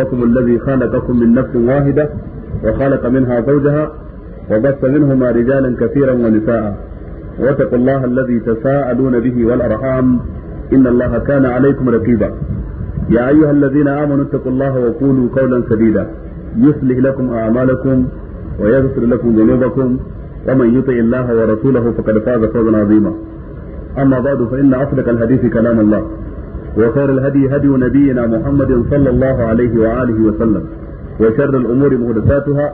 ربكم الذي خلقكم من نفس واحدة وخلق منها زوجها وبث منهما رجالا كثيرا ونساء واتقوا الله الذي تساءلون به والأرحام إن الله كان عليكم رقيبا يا أيها الذين آمنوا اتقوا الله وقولوا قولا سديدا يصلح لكم أعمالكم ويغفر لكم ذنوبكم ومن يطع الله ورسوله فقد فاز فوزا عظيما أما بعد فإن أصدق الحديث كلام الله وخير الهدي هدي نبينا محمد صلى الله عليه وآله وسلم وشر الأمور محدثاتها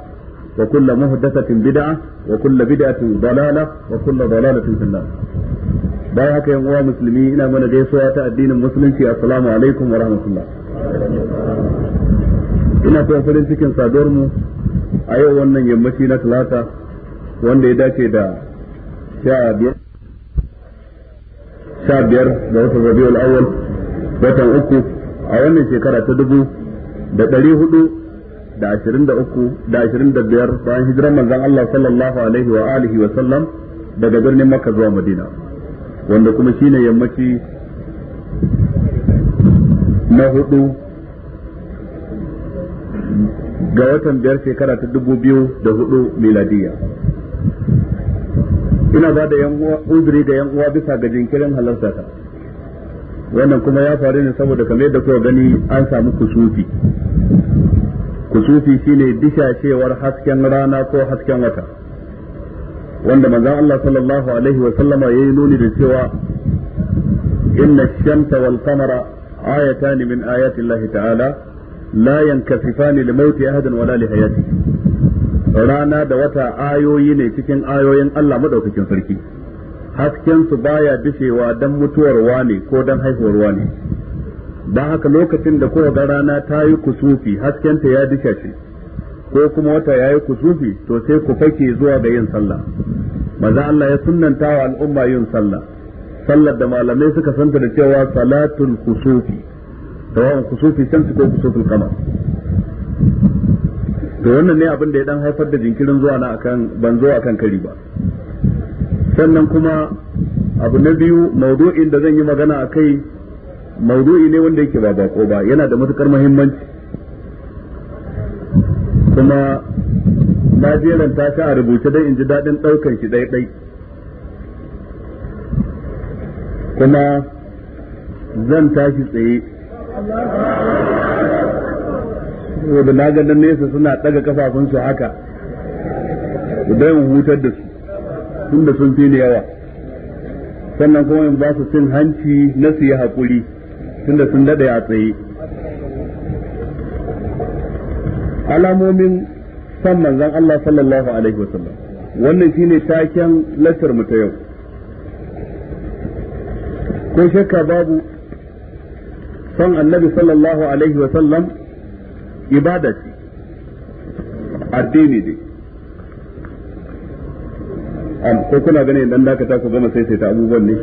وكل محدثة بدعة وكل بدعة ضلالة وكل ضلالة في النار باي هكا يا مسلمين إنا من جيسوا الدين المسلم في السلام عليكم ورحمة الله ina kuma farin cikin saduwar mu a yau wannan yammaci na talata wanda ya dace da sha biyar ga watan rabiul awwal watan uku a wannan shekara ta dubu da ɗari hudu da ashirin da uku da ashirin da biyar bayan hijiran manzan Allah sallallahu alaihi wa alihi wa sallam daga birnin Makka zuwa Madina wanda kuma shine yammaci na hudu ga watan biyar shekara ta dubu biyu da hudu miladiya ina ba da uzuri ga yan uwa bisa ga jinkirin halarta ta wannan kuma ya faru ne saboda kamar yadda kuka gani an samu kusufi kusufi shine dishashewar hasken rana ko hasken wata wanda manzon Allah sallallahu alaihi wa sallama yayi nuni da cewa inna ash-shamsa wal qamara ayatan min ayati Allah ta'ala la yankasifani li mauti ahadin wala li hayati rana da wata ayoyi ne cikin ayoyin Allah madaukakin sarki hasken su baya dishewa dan mutuwar wane ko dan haihuwar wane dan haka lokacin da kowa rana ta yi kusufi hasken ta ya disha shi ko kuma wata ya yi kusufi to sai ku fake zuwa ga yin sallah maza Allah ya sunnanta wa al'umma yin sallah sallar da malamai suka santa da cewa salatul kusufi tawon kusufi shamsi ko kusufin kama to wannan ne abin da ya dan haifar da jinkirin zuwa na akan ban zo akan kari ba sannan kuma abu na biyu maudu'in da zan yi magana a kai maudu'i ne wanda yake ba bako ba yana da matukar muhimmanci kuma na jeran ta a rubuce dai in ji daɗin ɗaukan shi ɗaiɗai kuma zan tashi tsaye saboda na ganin nesa suna ɗaga kafafunsu haka idan hutar da su tun da sun fi ni yawa sannan kuma in ba su cin hanci na su yi haƙuri tun da sun daɗa a tsaye alamomin san manzan Allah sallallahu alaihi wasallam wannan shi ne taken lasar ta yau ko shakka babu son annabi sallallahu alaihi wasallam ibada ce addini ne ko kuna gane dan dakata ku gama sai sai ta abubuwan ne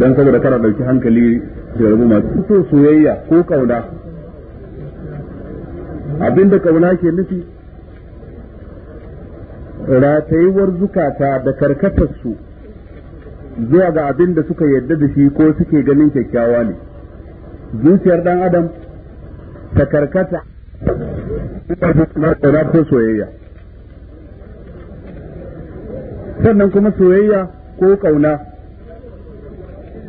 dan saboda kana dauki hankali da rubu masu so soyayya ko kauna abinda kauna ke nufi ratayuwar zukata da karkatarsu zuwa ga abin da suka yarda da shi ko suke ganin kyakkyawa ne zuciyar dan adam ta karkata ko soyayya sannan kuma soyayya ko kauna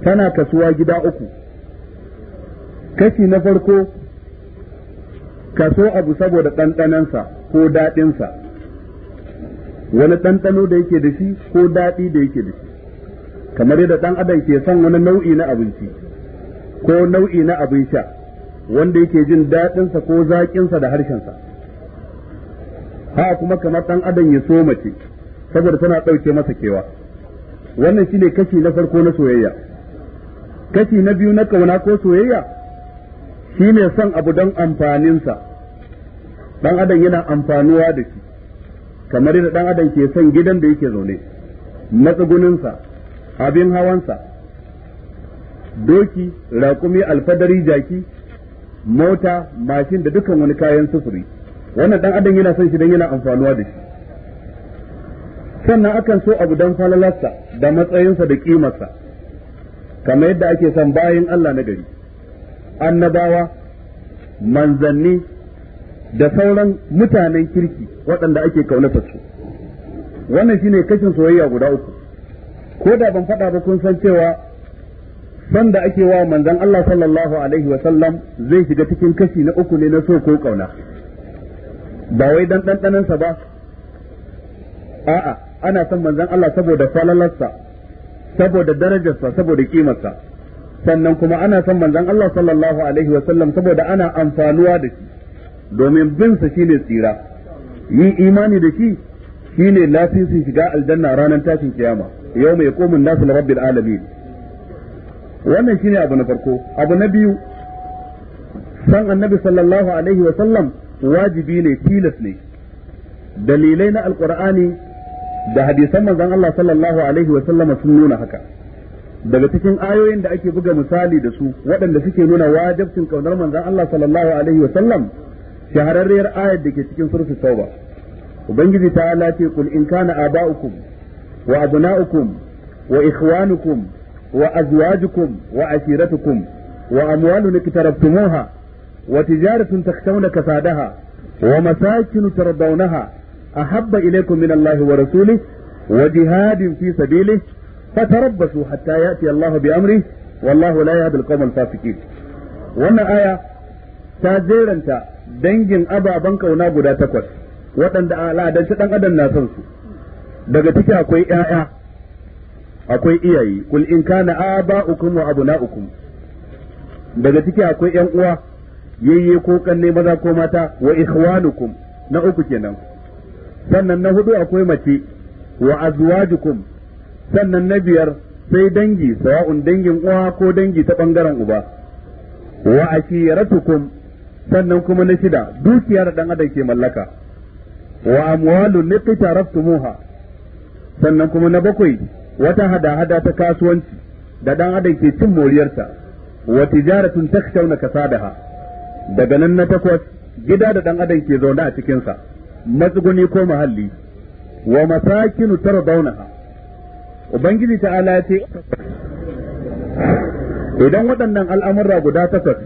tana kasuwa gida uku kashi na farko kaso abu saboda ɗanɗanansa ko daɗinsa wani ɗanɗano da yake da shi ko daɗi da yake da shi kamar yadda ɗan adam ke son wani nau'i na abinci ko nau'i na abin sha wanda yake jin daɗinsa ko zaƙinsa da harshensa haka kuma kamar ɗan adam ya so mace saboda tana ɗauke masa kewa wannan shine kashi na farko na soyayya kashi na biyu na kauna ko soyayya shine son abu don amfaninsa dan adam yana amfanuwa da shi kamar da dan adam ke son gidan da yake zaune matsuguninsa abin hawansa doki raƙumi alfadari jaki mota mashin da dukkan wani kayan sufuri wannan dan adam yana son shi dan yana amfanuwa da shi sannan akan so abu dan falalarsa da matsayinsa da kimarsa kamar yadda ake son bayan Allah na gari annabawa manzanni da sauran mutanen kirki waɗanda ake kaunatar su wannan shine kashin soyayya guda uku ko da ban faɗa ba kun san cewa san da ake wa manzon Allah sallallahu alaihi wa sallam zai shiga cikin kashi na uku ne na so ko kauna ba wai dan ɗanɗanansa ba a'a ana son manzon Allah saboda falalarsa saboda darajarsa saboda kimarsa sannan kuma ana son manzon Allah sallallahu alaihi wa sallam saboda ana amfanuwa da shi domin bin sa shine tsira yi imani da shi shine lafisin shiga aljanna ranar tashin kiyama yawma yaqumun nasu li rabbil alamin wannan shine abu na farko abu na biyu san annabi sallallahu alaihi wa sallam wajibi ne tilas ne dalilai na alqur'ani da hadisan manzon Allah sallallahu alaihi wa sallama sun nuna haka daga cikin ayoyin da ake buga misali da su waɗanda suke nuna wajibcin kaunar manzon Allah sallallahu alaihi wa sallam shahararriyar ayar da ke cikin surfi tauba ubangiji ta ala ce kul in kana aba'ukum wa abna'ukum wa ikhwanukum wa azwajukum wa ashiratukum wa amwalun iktaraftumuha wa tijaratun takshawna kasadaha wa masakin tardawnaha A habba min Allah wa rasulih wa jihadin fi sabilih fatarabbasu hatta ya'ti Allah bi amri wallahu la wannan aya ta jeranta dangin ababen kauna guda takwas waɗanda a shi ɗan adam na son su daga ciki akwai ƴaƴa akwai iyaye kul in kana aba'ukum wa abna'ukum daga ciki akwai ƴan uwa yayye ko kanne maza ko mata wa ikhwanukum na uku kenan sannan na hudu akwai mace wa azwajukum sannan na biyar sai dangi sawa'un dangin uwa ko dangi ta bangaren uba wa ashiratukum sannan kuma na shida dukiyar dan adam ke mallaka wa amwalun moha. sannan kuma na bakwai wata hada-hada ta kasuwanci da dan adam ke cin moriyarta wa tijaratun takshawna kasadaha daga nan na takwas gida da dan adam ke zaune a cikinsa matsuguni ko muhalli wa masakinu tardawnaha ubangiji ta'ala ce idan waɗannan al'amurra guda takwas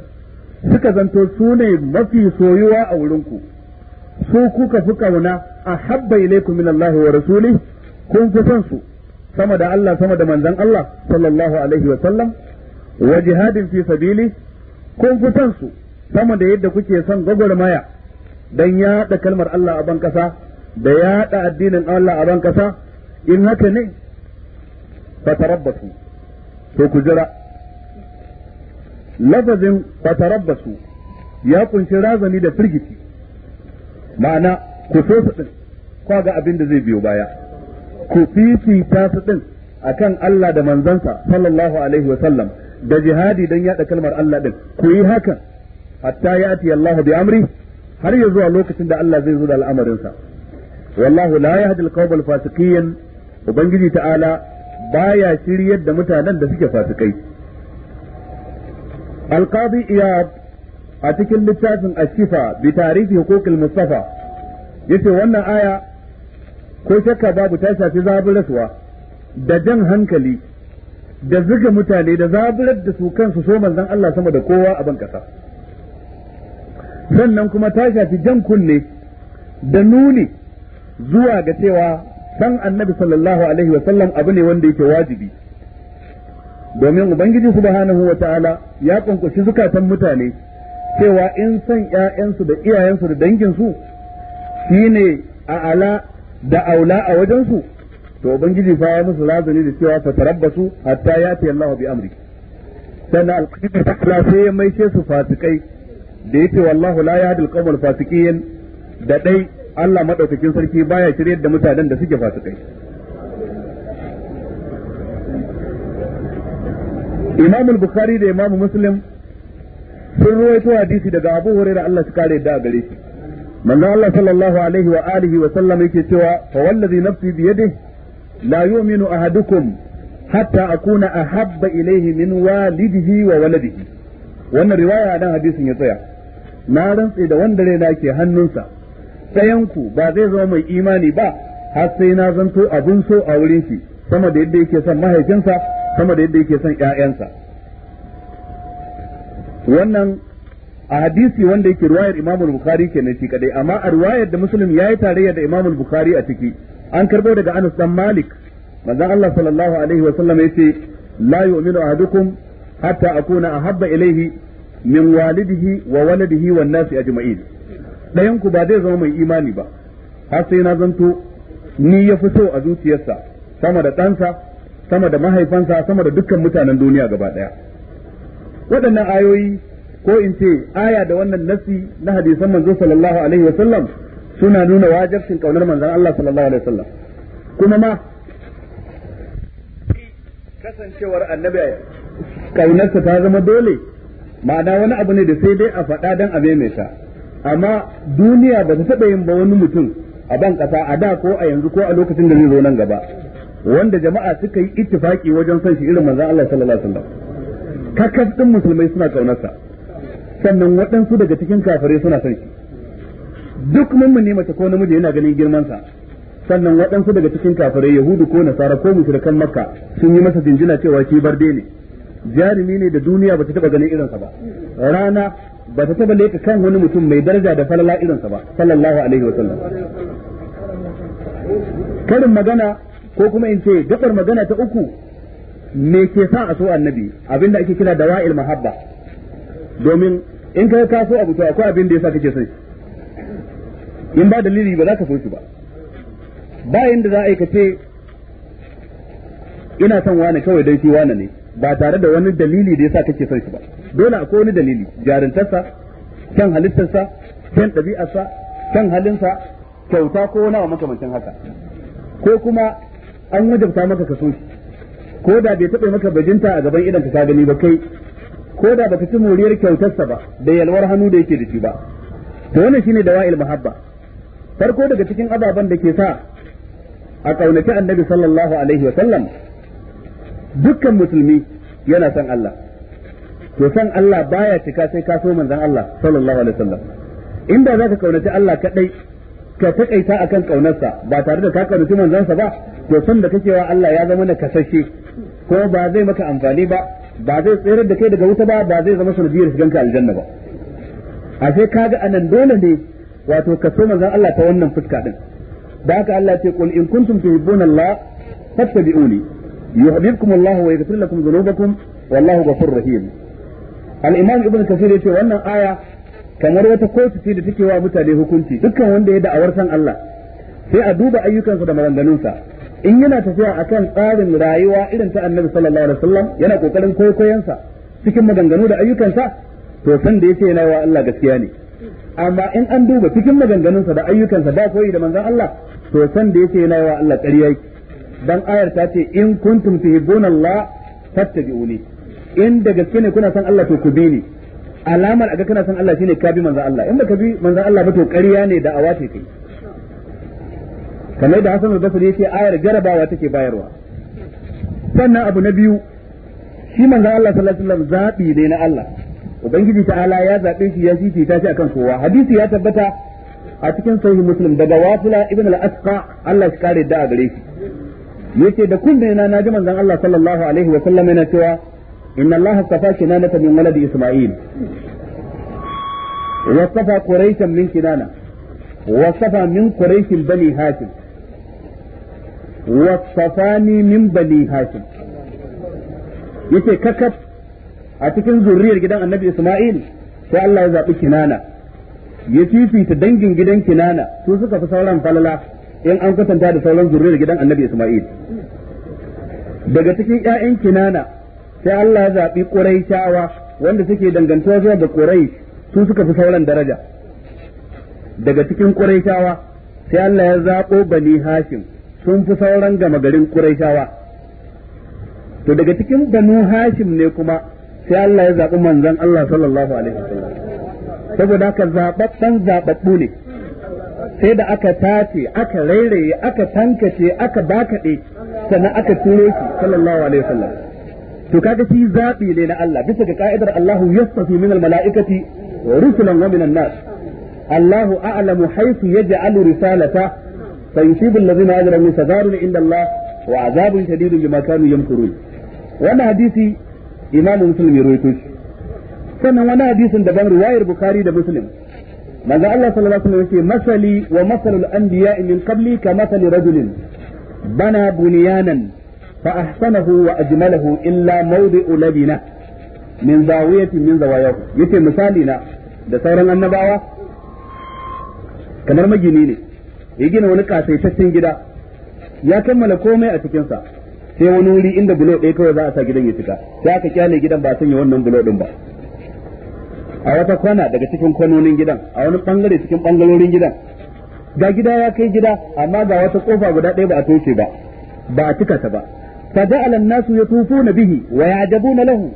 suka zanto su mafi soyuwa a wurinku su kuka fi kauna a habba ilaikum min Allah wa rasuli kun fi son su sama da Allah sama da manzon Allah sallallahu alaihi wa sallam wa jihadin fi sabili kun fi son su sama da yadda kuke son maya. dan yaɗa kalmar Allah a ban kasa da yaɗa addinin Allah a ban kasa in haka ne fatarabbasu to ku jira lafazin fatarabbasu ya kunshi razani da firgiti, ma'ana ku so su din kwa ga abin da zai biyo baya ku fifita su din akan Allah da manzansa sallallahu alaihi wa sallam da jihadi dan yaɗa kalmar Allah din ku yi hakan hatta ya'ti Allah bi amri har yanzu zuwa lokacin da Allah zai zo da al'amarinsa wallahu la yahdi al-qawm al-fasiqin ubangiji ta'ala baya shiryar da mutanen da suke fasikai al-qadi iyad a cikin littafin ashifa bi tarihi hukukul mustafa yace wannan aya ko shakka babu ta shafi zaburaswa da jan hankali da zuga mutane da zaburar da su kansu so manzon Allah sama da kowa a ban kasa sannan kuma ta shafi jan kunne da nuni zuwa ga cewa san annabi sallallahu alaihi wasallam abu ne wanda yake wajibi domin ubangiji subhanahu wa ta'ala ya kunkushi zukatan mutane cewa in san ƴaƴansu da iyayensu da danginsu shine a ala da aula a wajensu to ubangiji fa ya musu razani da cewa fa tarabbasu hatta yati Allahu bi amri sannan alqadir ta sai ya maishe su fasikai da yace wallahu la yahdil qawmal fasiqin da dai Allah madaukakin sarki baya shiryar da mutanen da suke fasikai Imam al-Bukhari da Imam Muslim sun ruwaito hadisi daga Abu Hurairah Allah ya kare da gare shi manzo Allah sallallahu alaihi wa alihi wa sallam yake cewa fa wallazi nafsi bi yadihi la yu'minu ahadukum hatta akuna ahabba ilayhi min walidihi wa waladihi wannan riwaya dan hadisin ya tsaya na rantse da wanda raina ke hannunsa tsayanku ba zai zama mai imani ba har sai na zanto abin so a wurin shi sama da yadda yake son mahaifinsa sama da yadda yake son ƴaƴansa wannan a hadisi wanda yake riwayar Imam al-Bukhari kenan shi kadai amma a ruwayar da Muslim yayi tarayya da Imam al-Bukhari a ciki an karbo daga Anas dan Malik manzon Allah sallallahu alaihi wa sallam yace la yu'minu ahadukum hatta akuna ahabba ilayhi min walidihi wa waladihi wan nasi ajma'in dayan ku ba zai zama mai imani ba har sai na zanto ni ya fito a zuciyarsa sama da ɗansa sama da mahaifansa sama da dukkan mutanen duniya gaba ɗaya waɗannan ayoyi ko in ce aya da wannan nasi na hadisan manzo sallallahu alaihi wa sallam suna nuna wajibcin kaunar manzon Allah sallallahu alaihi wa sallam kuma ma kasancewar annabi kaunarsa ta zama dole ma'ana wani abu ne da sai dai a faɗa dan a maimaita amma duniya ba ta taɓa yin ba wani mutum a ban ƙasa a da ko a yanzu ko a lokacin da zai zo nan gaba wanda jama'a suka yi ittifaki wajen son shi irin manzon Allah sallallahu alaihi wasallam kakas din musulmai suna kaunarsa sannan waɗansu daga cikin kafirai suna son shi duk mummuni mace ko namiji yana ganin girmansa sannan waɗansu daga cikin kafirai yahudu ko nasara ko mushrikan makka sun yi masa jinjina cewa shi barde ne jarumi ne da duniya ba ta taba ganin irinsa ba rana ba ta taba leka kan wani mutum mai daraja da falala irinsa ba sallallahu alaihi wa sallam karin magana ko kuma in ce gabar magana ta uku me ke sa a so annabi abinda ake kira da wa'il mahabba domin in kai ka so abu to akwai abin da yasa kake son in ba dalili ba za ka so shi ba bayan da za a yi ka ce ina son wani kawai don shi wane ne ba tare da wani dalili da ya sa kake son shi ba dole akwai wani dalili jarintarsa kan halittarsa kan ɗabi'arsa kan halinsa kyauta ko wani makamancin haka ko kuma an wajabta maka ka so shi ko da bai taɓa maka bajinta a gaban idan ka gani ba kai ko da baka ci moriyar kyautarsa ba da yalwar hannu da yake da shi ba to wannan shine dawa'il mahabba farko daga cikin ababen da ke sa a kaunaci annabi sallallahu alaihi wa sallam dukkan musulmi yana son Allah to son Allah baya cika sai ka so manzon Allah sallallahu alaihi wasallam inda zaka kaunaci Allah kadai ka takaita akan kaunarsa ba tare da ka kaunaci manzansa ba to son da kake wa Allah ya zama na kasashe ko ba zai maka amfani ba ba zai tsere da kai daga wuta ba ba zai zama sanadiyar ka aljanna ba ashe kaga anan dole ne wato ka so manzon Allah ta wannan fuska din da haka Allah ce qul in kuntum tuhibbuna Allah fattabi'uni yuhibbukum Allah wa yaghfir lakum dhunubakum wallahu ghafurur rahim al-imam ibn kathir wannan aya kamar wata kotu ce da take wa mutane hukunci dukkan wanda ya da'awar san Allah sai a duba ayyukansa da maganganunsa in yana tafiya akan tsarin rayuwa irin ta annabi sallallahu alaihi wasallam yana kokarin koyoyansa cikin maganganu da ayyukansa to san da yace yana wa Allah gaskiya ne amma in an duba cikin maganganunsa da ayyukansa ba koyi da manzon Allah to san da yace yana wa Allah ƙarya yake dan ayar ta ce in kuntum tuhibbuna Allah fattabi'uni in da gaske ne kuna son Allah to ku bi ni alamar aga kana son Allah shine ka bi manzon Allah in ka bi manzon Allah ba to ƙarya ne da awace kai kamar da Hassan al-Basri yace ayar jarabawa take bayarwa sannan abu na biyu shi manzon Allah sallallahu alaihi wasallam zabi ne na Allah ubangiji ta'ala ya zabe shi ya fifita shi akan kowa hadisi ya tabbata a cikin sahih muslim daga wafila ibn al-asqa Allah shi kare da a gare shi yace da kunne na naji manzon Allah sallallahu alaihi wa sallam yana cewa inna Allah safa ta min waladi Isma'il wa safa quraishan min kinana wa safa min quraish bani Hashim wa safani min bani Hashim yace kakaf a cikin zurriyar gidan Annabi Isma'il sai Allah ya zabi kinana ya fifita dangin gidan kinana su suka fi sauran falala in an kwatanta da sauran zurriyar gidan annabi Isma'il daga cikin 'ya'yan Kinana sai Allah ya zabi Quraishawa wanda suke dangantuwa zuwa ga Quraish su suka fi sauran daraja daga cikin Quraishawa sai Allah ya zaɓo Bani Hashim sun fi sauran gama garin Quraishawa to daga cikin Banu Hashim ne kuma sai Allah ya zaɓi manzon Allah sallallahu alaihi wasallam saboda haka zaɓaɓɓen zababbu ne sai da aka tace aka rairaye aka tankace aka bakaɗe sannan aka turo shi sallallahu alaihi wasallam to kaga shi zabi ne na Allah bisa ga ka'idar Allahu yastafi min almalaikati wa rusulan wa min nas Allahu a'lamu haythu yaj'alu risalata fayusibu alladhina ajramu sadarun inda Allah wa azabun shadidun bima kanu yamkurun wannan hadisi imamu muslim ya rawaito shi sannan wani hadisin daban riwayar bukhari da muslim manzo Allah sallallahu alaihi wasallam yace masali wa masalul anbiya min qabli ka masali rajulin bana bunyanan fa ahsanahu wa ajmalahu illa mawdi'u labina min zawiyati min zawayahu yace misali na da sauran annabawa kamar magini ne ya gina wani kasaitaccen gida ya kammala komai a cikin sa sai wani wuri inda bulo ɗaya kawai za a sa gidan ya cika sai aka kyale gidan ba san ya wannan bulo ɗin ba a wata kwana daga cikin kwanonin gidan a wani bangare cikin bangarorin gidan ga gida ya kai gida amma ga wata kofa guda ɗaya ba a toshe ba ba a cika ta ba fa ja'ala an-nasu yatufuna bihi wa na lahu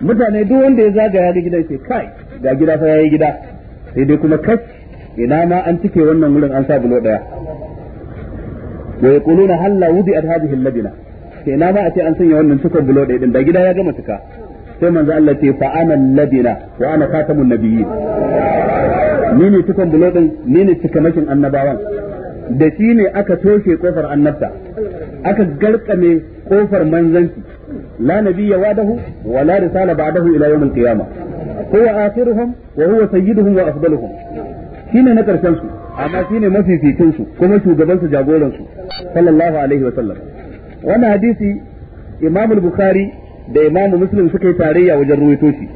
mutane duk wanda ya zagaya da gidan sai kai ga gida fa yayi gida sai dai kuma kai ina ma an cike wannan wurin an sa bulo daya wa yaquluna halla wudi'at hadhihi al-labina sai ina ma a ce an sanya wannan cikon bulo daya din da gida ya gama cika sai manzo Allah ce fa ana ladina wa ana khatamun nabiyyin ni ne cikon bulo din ni ne cikamakin annabawan da shi ne aka toshe kofar annabta aka garkame kofar manzanci la nabiyya wadahu wa la risala ba'dahu ila yawm al-qiyamah huwa akhiruhum wa huwa sayyiduhum wa afdaluhum shine na karshen su amma shine mafificin su kuma shugaban su jagoran su sallallahu alaihi wa sallam wannan hadisi imam al-bukhari da imamu muslim suka yi tarayya wajen ruwaito shi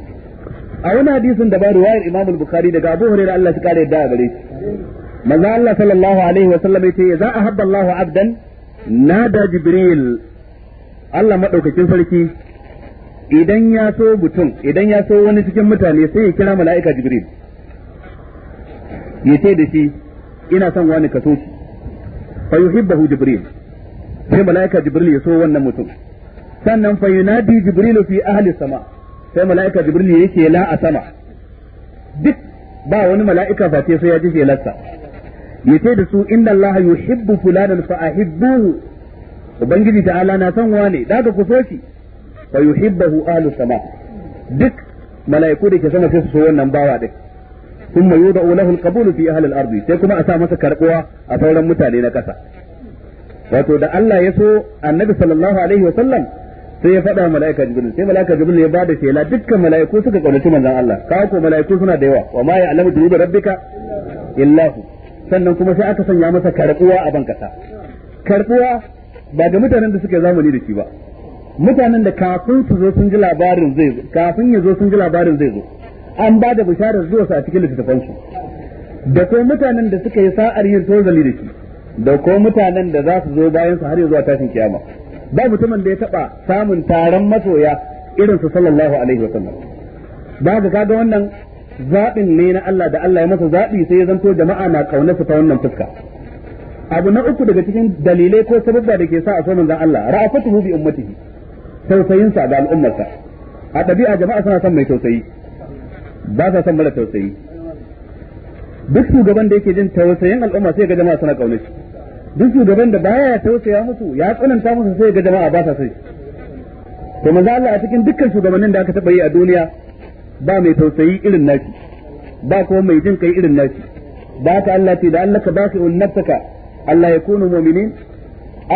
a wani hadisin da ba ruwayar imamu bukhari daga abu hurairah Allah su kare yadda gare shi manzo Allah sallallahu alaihi wa sallam yace za ahabba Allahu abdan nada jibril Allah madaukakin sarki idan ya so mutum idan ya so wani cikin mutane sai ya kira mala'ika jibril yace da shi ina son wani ka so shi fa yuhibbu jibril sai mala'ika jibril ya so wannan mutum sannan fa yunadi jibrilu fi ahli sama sai mala'ika jibril yake la a sama duk ba wani mala'ika ba sai ya ji shelarsa yace da su inna allaha yuhibbu fulanan fa ahibbuhu ubangiji ta'ala na san wane daga ku so shi fa yuhibbuhu ahli sama duk mala'iku da ke sama sai su so wannan bawa din ثم يوضع له القبول في اهل الارض sai kuma a sa masa karɓuwa a sauran mutane na kasa wato da Allah ya so annabi sallallahu alaihi wa sallam sai ya faɗa mala'ika jibril sai mala'ika jibril ya bada shela dukkan mala'iku suka kaunaci manzon Allah ka ko mala'iku suna da yawa wa ma ya'lamu dunuba rabbika illa hu sannan kuma sai aka sanya masa karbuwa a bankasa karbuwa ba ga mutanen da suka zamani da shi ba mutanen da kafin su zo sun ji labarin zai zo kafin ya zo sun ji labarin zai zo an ba da bisharar zuwa a cikin littafin su da ko mutanen da suka yi sa'ar yin tozali da shi da ko mutanen da za su zo bayan su har zuwa tashin kiyama ba mutumin da ya taba samun taron masoya irin su sallallahu alaihi wa sallam ba ga kaga wannan zaɓin ne na Allah da Allah ya masa zaɓi sai ya zanto jama'a na ƙaunarsa ta wannan fuska abu na uku daga cikin dalilai ko sababba da ke sa a so manzon Allah ra'afatuhu bi ummatihi tausayinsa ga al'ummarsa a ɗabi'a jama'a suna son mai tausayi ba sa son mara tausayi duk shugaban da yake jin tausayin al'umma sai ga jama'a suna ƙaunar shi duk shugaban da baya ya tausaya musu ya tsananta musu sai ga jama'a ba sa sai to manzo Allah a cikin dukkan shugabannin da aka taba yi a duniya ba mai tausayi irin nashi ba kuma mai jin kai irin nashi ba ka Allah ce da Allah ka baki un nafsaka Allah ya kunu mu'minin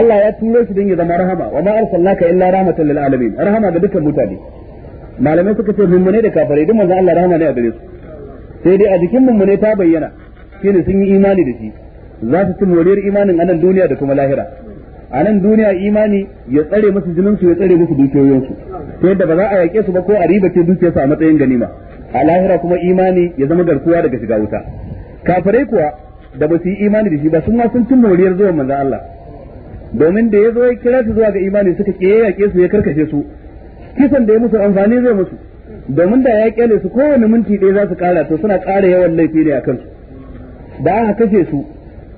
Allah ya turo shi don ya zama rahama wa ma arsalnaka illa rahmatan lil alamin rahama ga dukkan mutane malamai suka ce mummune da kafare duk manzo Allah rahama ne a gare su sai dai a jikin mummune ta bayyana shine sun yi imani da shi za su ci moriyar imanin anan duniya da kuma lahira a nan duniya imani ya tsare musu jininsu ya tsare musu dukiyoyinsu ta yadda ba za a yaƙe su ba ko a riba ce dukiyarsu a matsayin ganima a lahira kuma imani ya zama garkuwa daga shiga wuta kafirai kuwa da ba su yi imani da shi ba sun ma sun cin moriyar zuwan manzon Allah domin da ya zo ya kira su zuwa ga imani suka ke yaƙe su ya karkashe su kisan da ya musu amfani zai musu domin da ya ƙyale su kowane minti ɗaya za su ƙara to suna ƙara yawan laifi ne a kansu da aka kashe su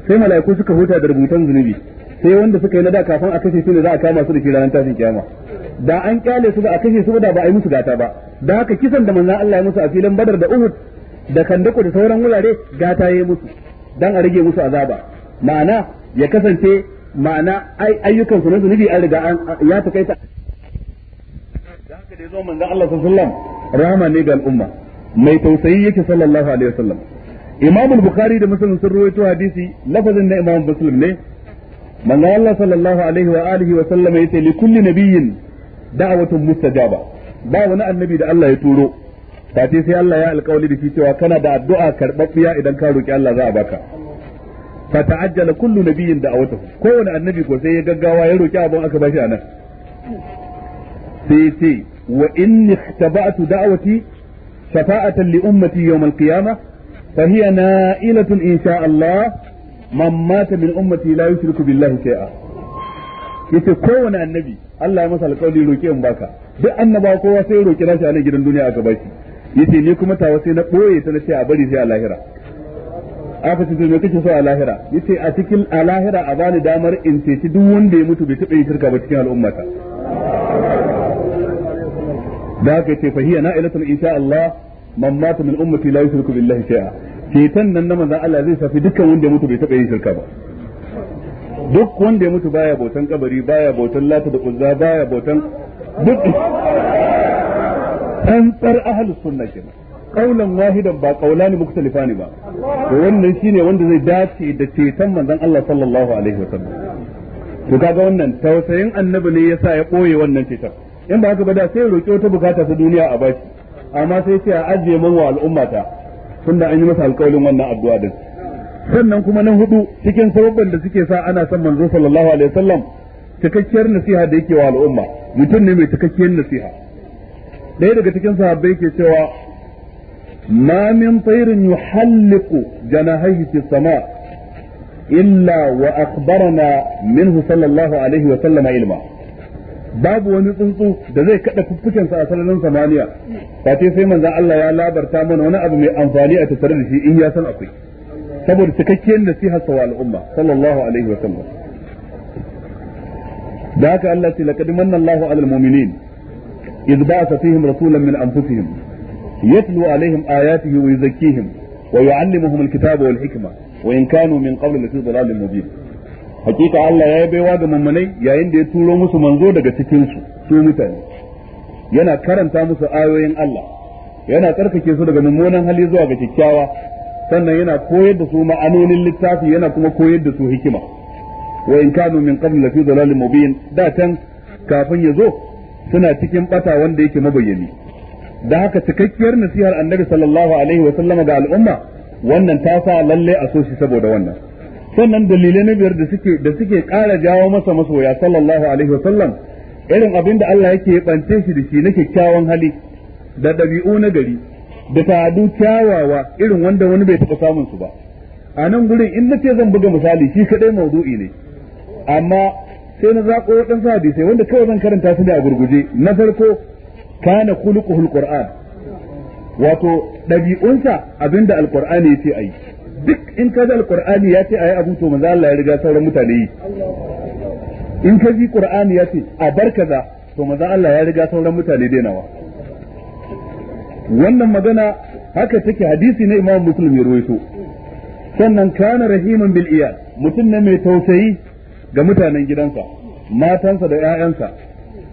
sai mala'iku suka huta da rubutan zunubi sai wanda suka yi na da kafin a kashe su ne za a kama su da shi ranar tashin kiyama da an kyale su ba a kashe su da ba a yi musu gata ba da haka kisan da manzon Allah ya musu a filin Badar da Uhud da Kandako da sauran wurare gata ya musu dan a rage musu azaba ma'ana ya kasance ma'ana ayyukan su na zunubi an riga ya ta. da haka da ya zo manzon Allah sallallahu alaihi wasallam rahama ne ga al'umma mai tausayi yake sallallahu alaihi wasallam imam bukhari da muslim sun rawaito hadisi lafazin na imam muslim ne manzo Allah sallallahu alaihi wa alihi wa sallama yace li kulli nabiyyin da'watun mustajaba ba wani annabi da Allah ya turo fati Allah ya alƙawari da shi cewa kana da addu'a karɓaɓɓiya idan ka roki Allah za a baka fa ta'ajjala kullu nabiyyin da'watahu kowane annabi ko sai ya gaggawa ya roki abin aka bashi anan sai ce wa inni shafa'atan li ummati yawm فهي نائلة إن شاء الله من مات من أمتي لا يشرك بالله شيئا yace kowane annabi Allah ya masa alƙawari roke in baka duk annaba kowa sai roki nashi a nan gidan duniya aka bashi yace ni kuma tawa sai na ɓoye ta nace a bari sai a lahira aka ce me kake so a lahira yace a cikin a lahira a bani damar in ceci duk wanda ya mutu bai taɓa yin shirka ba cikin al'ummata da haka yace fahiya na ilatul insha Allah man mata min ummati la yushriku billahi shay'a ceton nan na manzon Allah zai safi dukkan wanda ya mutu bai taɓa yin shirka ba duk wanda ya mutu baya bautan kabari baya bautan lata da uzza baya bautan duk an tsar ahlus sunna kenan kaulan wahidan ba kaulani mukhtalifani ba to wannan shine wanda zai dace da ceton manzon Allah sallallahu alaihi wasallam to kaga wannan tausayin annabi ne yasa ya boye wannan ceton in ba haka ba da sai roƙi wata bukata ta duniya a bashi amma sai ce a ajiye man wa al'ummata tunda an yi masa alƙawarin wannan addu'a din sannan kuma na hudu cikin sababban da suke sa ana son manzo sallallahu alaihi wasallam cikakkiyar nasiha da yake wa al'umma mutum ne mai cikakkiyar nasiha ɗaya daga cikin sahabbai ke cewa ma min tayrin yuhalliqu janahihi fi sama illa wa akhbarana minhu sallallahu alaihi wa sallama ilma babu wani tsuntsu da zai kada fuffuken sa a sararin samaniya fate sai manzon Allah ya labarta mana wani abu mai amfani a tattare da shi in ya san akwai saboda cikakkiyar nasiha sa wa al'umma sallallahu alaihi wa sallam da haka Allah ce laqad manna Allahu 'alal mu'minin إذ بعث فيهم رسولا wa أنفسهم يتلو عليهم آياته ويزكيهم ويعلمهم الكتاب والحكمة وإن كانوا من قبل لفي ضلال مبين hakika Allah ya baiwa ga mummunai yayin da ya turo musu manzo daga cikin su su mutane yana karanta musu ayoyin Allah yana tsarkake su daga mummunan hali zuwa ga kyakkyawa sannan yana koyar da su ma'anonin littafi yana kuma koyar da su hikima wa in kanu min qabl lafi dhalalin mubin da tan kafin ya zo suna cikin bata wanda yake mabayyani da haka cikakkiyar nasihar annabi sallallahu alaihi wa sallama ga al'umma wannan ta sa lalle a so shi saboda wannan sannan dalilai na biyar da suke da suke ƙara jawo masa masoya sallallahu alaihi wasallam irin abin da Allah yake bance shi da shi na kyakkyawan hali da ɗabi'u na gari da ta'adu kyawawa irin wanda wani bai taɓa samun su ba a nan gurin in nace zan buga misali shi kadai maudu'i ne amma sai na zaƙo waɗansu hadisai wanda kawai zan karanta su ne a gurguje na farko kana khuluquhul qur'an wato ɗabi'unsa abinda alqur'ani yake ayi duk in ka ji alqur'ani ya ce ayi abu to manzo Allah ya riga sauran mutane yi in ka ji qur'ani ya ce a bar kaza to manzo Allah ya riga sauran mutane nawa wannan magana haka take hadisi na Imam Muslim ya ruwaito sannan kana rahiman bil iyal mutum ne mai tausayi ga mutanen gidansa matansa da ƴaƴansa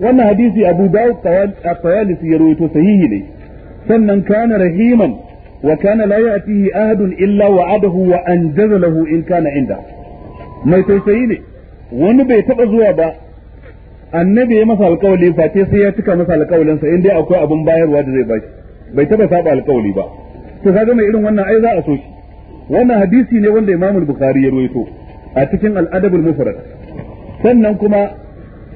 wannan hadisi Abu Dawud at ya ruwaito sahihi ne sannan kana rahiman wa kana la ya'tihi ahadun illa wa'adahu wa anjaza lahu in kana inda mai tausayi ne wani bai taɓa zuwa ba annabi ya masa alkawali face sai ya cika masa alkawalin sa in dai akwai abin bayarwa da zai bashi bai taba saba alƙawali ba to kaga mai irin wannan ai za a so shi wannan hadisi ne wanda Imam al-Bukhari ya rawaito a cikin al-Adab mufrad sannan kuma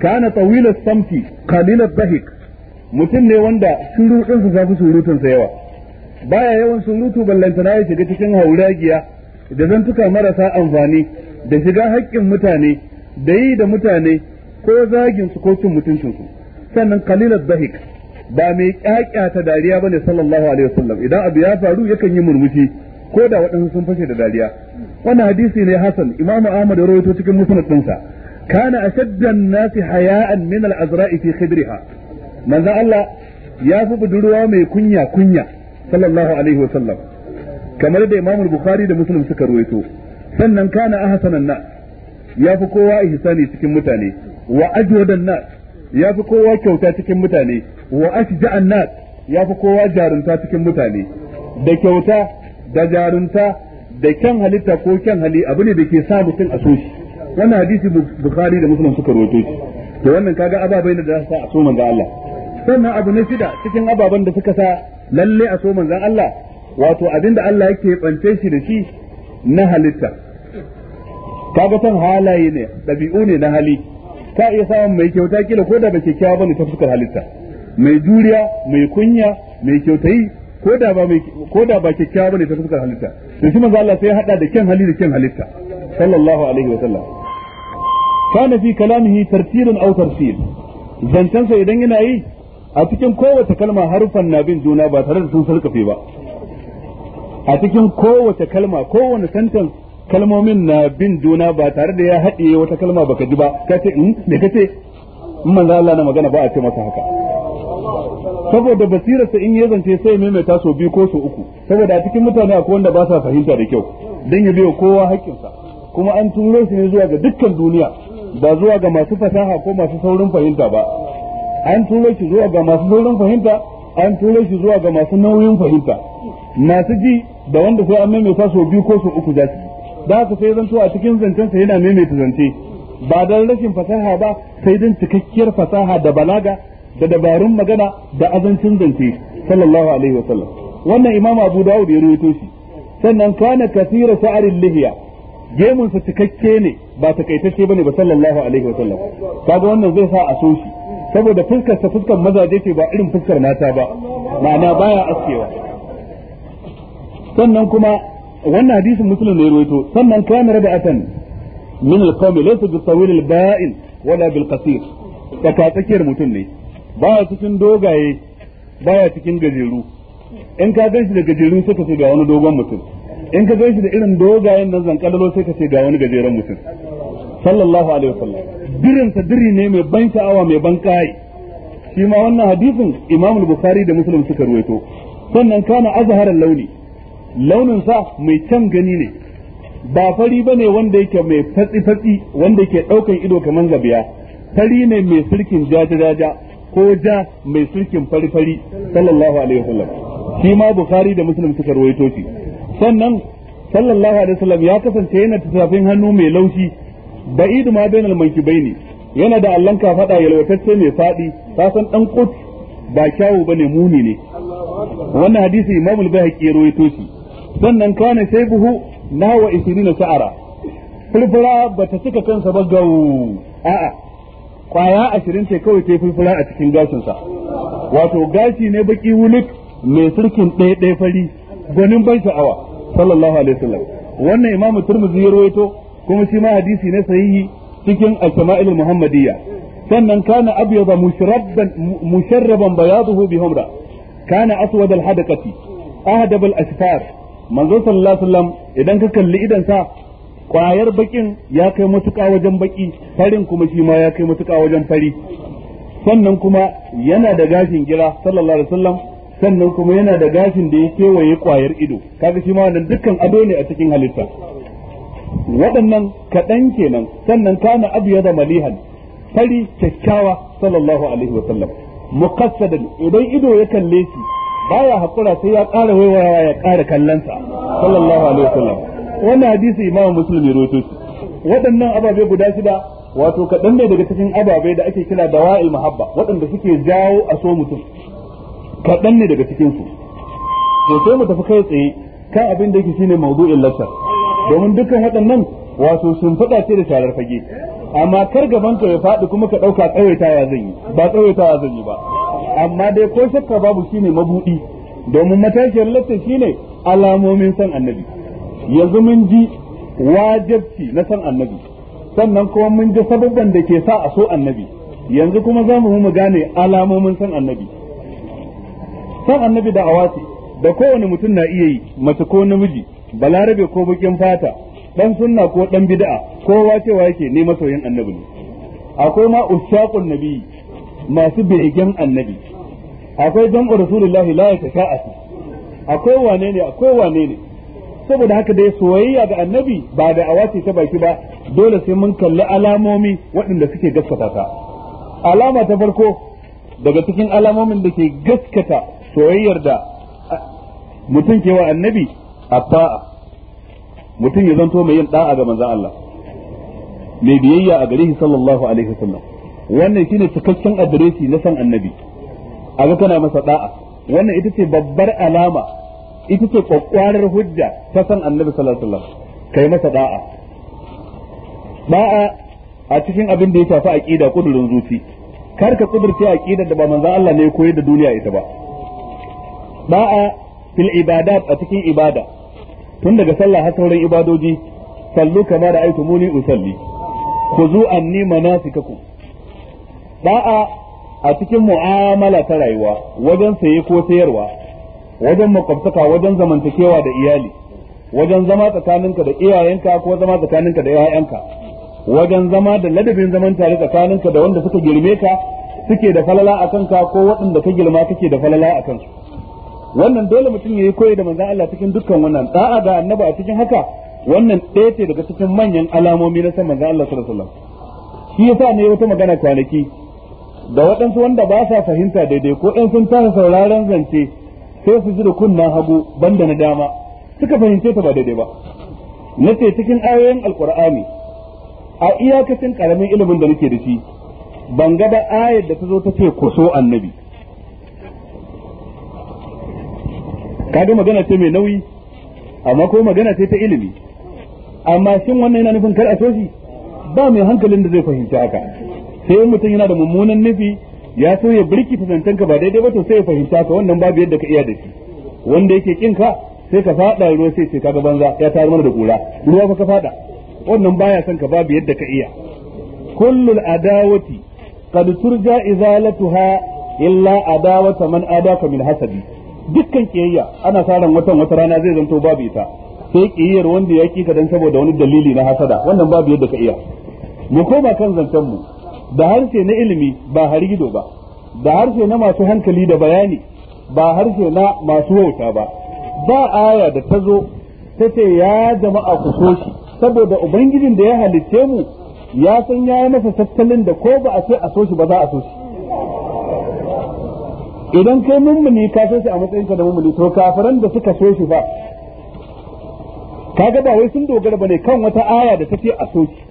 kana tawila samti qalil dhahik mutum ne wanda surutun sa zafi surutun sa yawa baya yawan surutu ballantana ya shiga cikin hauragiya da zantuka marasa amfani da shiga haƙƙin mutane da yi da mutane ko zagin su ko cin mutuncin su sannan kalilat dahik ba mai ƙyaƙyata dariya bane sallallahu alaihi wasallam idan abu ya faru yakan yi murmushi ko da waɗansu sun fashe da dariya wannan hadisi ne hasan imamu ahmad ya rawaito cikin musnad ɗinsa kana ashaddan nasi haya'an min al-azra'i fi khidriha manzo Allah ya fi budurwa mai kunya kunya sallallahu alaihi wa sallam kamar da Imam Bukhari da Muslim suka ruwaito sannan kana ahsanan nas yafi kowa ihsani cikin mutane wa ajwadan nas yafi kowa kyauta cikin mutane wa ashja'an nas yafi kowa jarunta cikin mutane da kyauta da jarunta da kyan halitta ko kyan hali abu ne da ke sa mutum a so shi wannan hadisi Bukhari da Muslim suka ruwaito shi to wannan kaga ababai da za su sa a so manzo Allah sannan abu na shida cikin ababen da suka sa lalle a so manzon Allah wato abinda Allah yake bance shi da shi na halitta kaga san halaye ne dabi'u ne na hali ka iya samun mai kyauta kila ko da ba kyakkyawa bane ta fuskar halitta mai juriya mai kunya mai kyautayi ko da ba mai ko da ba kyakkyawa bane ta fuskar halitta to shi manzo Allah sai ya hada da kyan hali da kyan halitta sallallahu alaihi wa sallam kana fi kalamihi tartilun aw tarsil zantansa idan yana yi a cikin kowace kalma harufan na bin juna ba tare da sun sarkafe ba a cikin kowace kalma kowane sentence kalmomin na bin juna ba tare da ya haɗiye wata kalma ba ka ji ba ka ce in hmm, me ka ce in manzo Allah na magana ba a ce masa haka saboda basirarsa in ya zance sai maimaita so biyu ko so uku saboda a cikin mutane akwai wanda ba sa fahimta da kyau dan ya biyo kowa sa kuma an turo shi ne zuwa ga dukkan duniya ba zuwa ga masu fasaha ko masu saurin fahimta ba an turo shi zuwa ga masu saurin fahimta an turo shi zuwa ga masu nauyin fahimta masu ji da wanda sai an maimaita sau biyu ko sau uku za su da haka sai zanto a cikin zancen zancensa yana maimaita zance ba don rashin fasaha ba sai don cikakkiyar fasaha da balaga da dabarun magana da azancin zance sallallahu alaihi wasallam wannan imam abu dawud ya rawaito shi sannan kana kasira sa'arin lihiya gemunsa cikakke ne ba takaitacce bane ba sallallahu alaihi wasallam kaga wannan zai sa a so shi saboda fuskar sa fuskar mazaje ce ba irin fuskar mata ba ma'ana baya askewa sannan kuma wannan hadisin muslim ne ruwaito sannan kana rabatan min al-qawmi laysa bi-tawil al-ba'il wala bil-qasir tsaka tsakiyar mutum ne baya cikin dogaye baya cikin gajeru in ka gan da gajeru sai ka ce ga wani dogon mutum in ka gan da irin dogayen nan zankalalo sai ka ce ga wani gajeren mutum sallallahu alaihi wasallam dirinsa diri ne mai ban sha'awa mai ban kai shi ma wannan hadisin Imam Bukhari da Muslim suka ruwaito sannan kana al launi launin sa mai can gani ne ba fari bane wanda yake mai fatsi fatsi wanda yake daukan ido kaman gabiya fari ne mai sulkin jaja jaja ko ja mai sulkin fari fari sallallahu alaihi wasallam shi ma Bukhari da Muslim suka ruwaito shi sannan sallallahu alaihi wasallam ya kasance yana tafafin hannu mai laushi da ma ma bainal mankibaini yana da allan kafada yalwatacce mai fadi ka san dan kut ba kyawu bane muni ne wannan hadisi imam al-bahaqi ya rawaito shi sannan kana Na wa 20 sa'ara fulfura bata cika kansa ba gawu a'a kwaya 20 ce kawai ta fulfura a cikin gashin sa wato gashi ne baki wuluk mai surkin ɗaya ɗaya fari Ganin ban sha'awa sallallahu alaihi wasallam wannan imamu turmuzi ya kuma shi ma hadisi ne sahihi cikin al-shama'il muhammadiyya sannan kana abyada mushrabban musharraban bayaduhu bi humra kana aswad al-hadaqati ahdab al-asfar manzo sallallahu alaihi wasallam idan ka kalli idan sa kwayar bakin ya kai matuƙa wajen baki farin kuma shi ma ya kai matuƙa wajen fari sannan kuma yana da gashin gira sallallahu alaihi wasallam sannan kuma yana da gashin da ya kewaye kwayar ido kaga shi ma wannan dukkan ado ne a cikin halitta waɗannan kaɗan kenan sannan kana da malihan fari kyakkyawa sallallahu alaihi wa sallam idan ido ya kalle shi baya hakura sai ya ƙara waiwayawa ya ƙara kallonsa sallallahu alaihi wa sallam wannan hadisi imamu muslim ya rawaito shi waɗannan ababe guda shida wato kaɗan ne daga cikin ababe da ake kira dawa'il mahabba waɗanda suke jawo a so mutum kaɗan ne daga cikin su to sai mu tafi kai tsaye kan abin da yake shine mawdu'in lashar domin dukkan waɗannan wato sun faɗa ce da tarar fage amma kar gaban ka ya faɗi kuma ka ɗauka ya zan yi ba ya zan yi ba amma dai ko shakka babu shine mabuɗi, domin matashiyar lattar shine alamomin san annabi yanzu mun ji wajibci na san annabi sannan kuma mun ji sababban da ke sa a so annabi yanzu kuma za mu mu gane alamomin san annabi san annabi da awa da kowane mutum na iya yi mace ko namiji balarabe ko bakin fata dan sunna ko dan bid'a kowa cewa yake ne masoyin annabi ne akwai ma ushaqul nabi masu begen annabi akwai dan rasulullahi la yatasha'atu akwai wane ne akwai wane ne saboda haka dai soyayya ga annabi ba da awace ta baki ba dole sai mun kalli alamomi waɗanda suke gaskata ta alama ta farko daga cikin alamomin da ke gaskata soyayyar da mutum ke wa annabi atta'a mutum ya zanto mai yin da'a ga manzon Allah mai biyayya a gare shi sallallahu alaihi wasallam wannan shine cikakken adireshi na san annabi A aga kana masa da'a wannan ita ce babbar alama ita ce kwakwarar hujja ta san annabi sallallahu alaihi wasallam kai masa da'a da'a a cikin abin da ya shafi aqida kudurin zuci kar ka kudurce aqidar da ba manzon Allah ne ya koyar da duniya ita ba da'a fil ibadat a cikin ibada tun daga sallah har sauran ibadoji sallu kama da muni usalli ku zu anni manasikaku da'a a cikin mu'amala ta rayuwa wajen saye ko sayarwa wajen makwabtaka wajen zamantakewa da iyali wajen zama tsakaninka da iyayenka ko zama tsakaninka da 'ya'yanka wajen zama da ladabin zaman tare tsakaninka da wanda suka girme ka suke da falala a ka ko waɗanda ka girma kake da falala a su wannan dole mutum ya yi koyi da manzon Allah cikin dukkan wannan da'a ga annabi a cikin haka wannan ɗaya ce daga cikin manyan alamomi na san manzon Allah sallallahu alaihi wasallam shi yasa ne wata magana kwanaki da waɗansu wanda ba sa fahimta daidai ko in sun tasa sauraron zance sai su ji da kunna hagu banda na dama suka fahimce ta ba daidai ba nace cikin ayoyin alqur'ani a iyakacin karamin ilimin da nake da shi ban ga da ayar da ta zo ta ce ku so annabi Ka ga magana ce mai nauyi amma ko magana ce ta ilimi amma shin wannan yana nufin kar a so ba mai hankalin da zai fahimci haka sai in mutum yana da mummunan nufi ya so ya birki ta ba daidai ba to sai ya fahimta ka wannan babu yadda ka iya da shi wanda yake kin ka sai ka fada ruwa sai ce kaga banza ya tayar mana da kura ruwa fa ka fada wannan baya son ka babu yadda ka iya kullul adawati qad turja izalatuha illa adawata man adaka min hasabi dukkan kiyayya ana sa ran watan wata rana zai zanto babu ita sai kiyayyar wanda ya ka dan saboda wani dalili na hasada wannan babu yadda ka iya mu koma kan zantan mu da harshe na ilimi ba harido ba da harshe na masu hankali da bayani ba harshe na masu wauta ba ba aya da ta zo ta ce ya jama'a ku so shi saboda ubangijin da ya halicce mu ya san ya yi masa tattalin da ko ba a ce a so shi ba za a so shi idan kai mummuni ka so shi a matsayin ka da mummuni to kafiran da suka so shi ba kaga ba wai sun dogara bane kan wata aya da take a so shi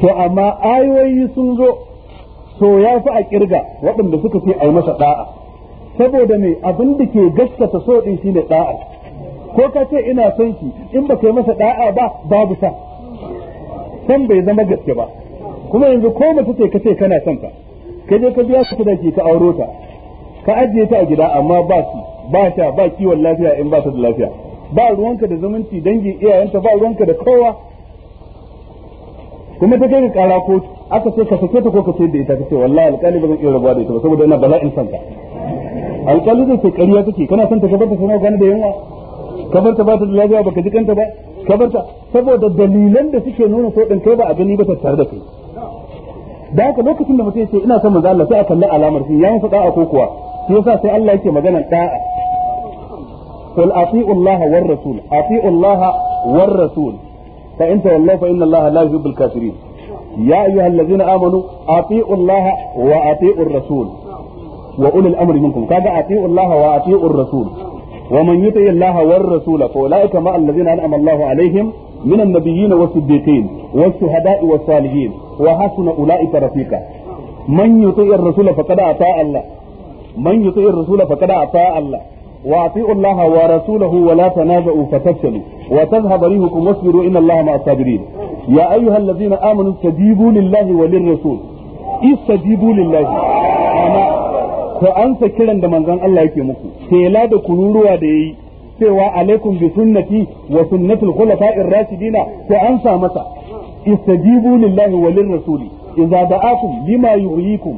to amma ayoyi sun zo to ya fi a kirga waɗanda suka ce ai masa da'a saboda me abin da ke gaskata so din shine da'a ko ka ce ina son shi in ba kai masa da'a ba babu sa san bai zama gaske ba kuma yanzu ko mace kace kana son ka ka je ka biya ka sadaki ka auro ta ka ajiye ta a gida amma ba ki ba ta ba kiwon lafiya in ba ta da lafiya ba ruwanka da zumunci dangin iyayenta ba ruwanka da kowa kuma ta kai ka kara kotu aka ce ka sake ta ko ka ce da ita ka ce wallahi alƙali ba zan iya rabuwa da ita ba saboda ina bala'in santa alƙali zai ce ƙarya take kana son ta gabar ta sanar gani da yunwa kabar ta ba ta da lafiya baka ji kanta ba kabar ta saboda dalilan da suke nuna so din kai ba a gani ba ta tare da kai da haka lokacin da mutum ya ce ina son manzo Allah sai a kalli alamar shi yayin fa da'a ko kuwa shi yasa sai Allah yake magana da'a qul ati'u Allah war rasul ati'u Allah war rasul fa in tawallaw fa inna Allah la yuhibbul kafirin ya ayyuhallazina amanu ati'u Allah wa ati'u ar-rasul wa ulul amri minkum kaga ati'u Allah wa ati'u ar-rasul ومن يطع الله والرسول فاولئك مع الذين انعم الله عليهم من النبيين والصديقين والشهداء والصالحين wa hasuna ulaika rafiqa man yuti ar-rasula faqad ata Allah man yuti ar-rasula faqad ata Allah wa ati'u Allah wa rasulahu wa la tanaza'u fatafshalu wa tadhhab rihukum wasbiru inna Allah ma'as sabirin ya ayyuhalladhina amanu istajibu lillahi wa lirrasul istajibu lillahi ko ansa kiran da mangan Allah yake muku tela da kururuwa da yayi cewa alaikum bi sunnati wa sunnatul khulafa'ir rashidina ko an sa masa istajibu lillahi wa lirrasul idza da'akum bima yuhyikum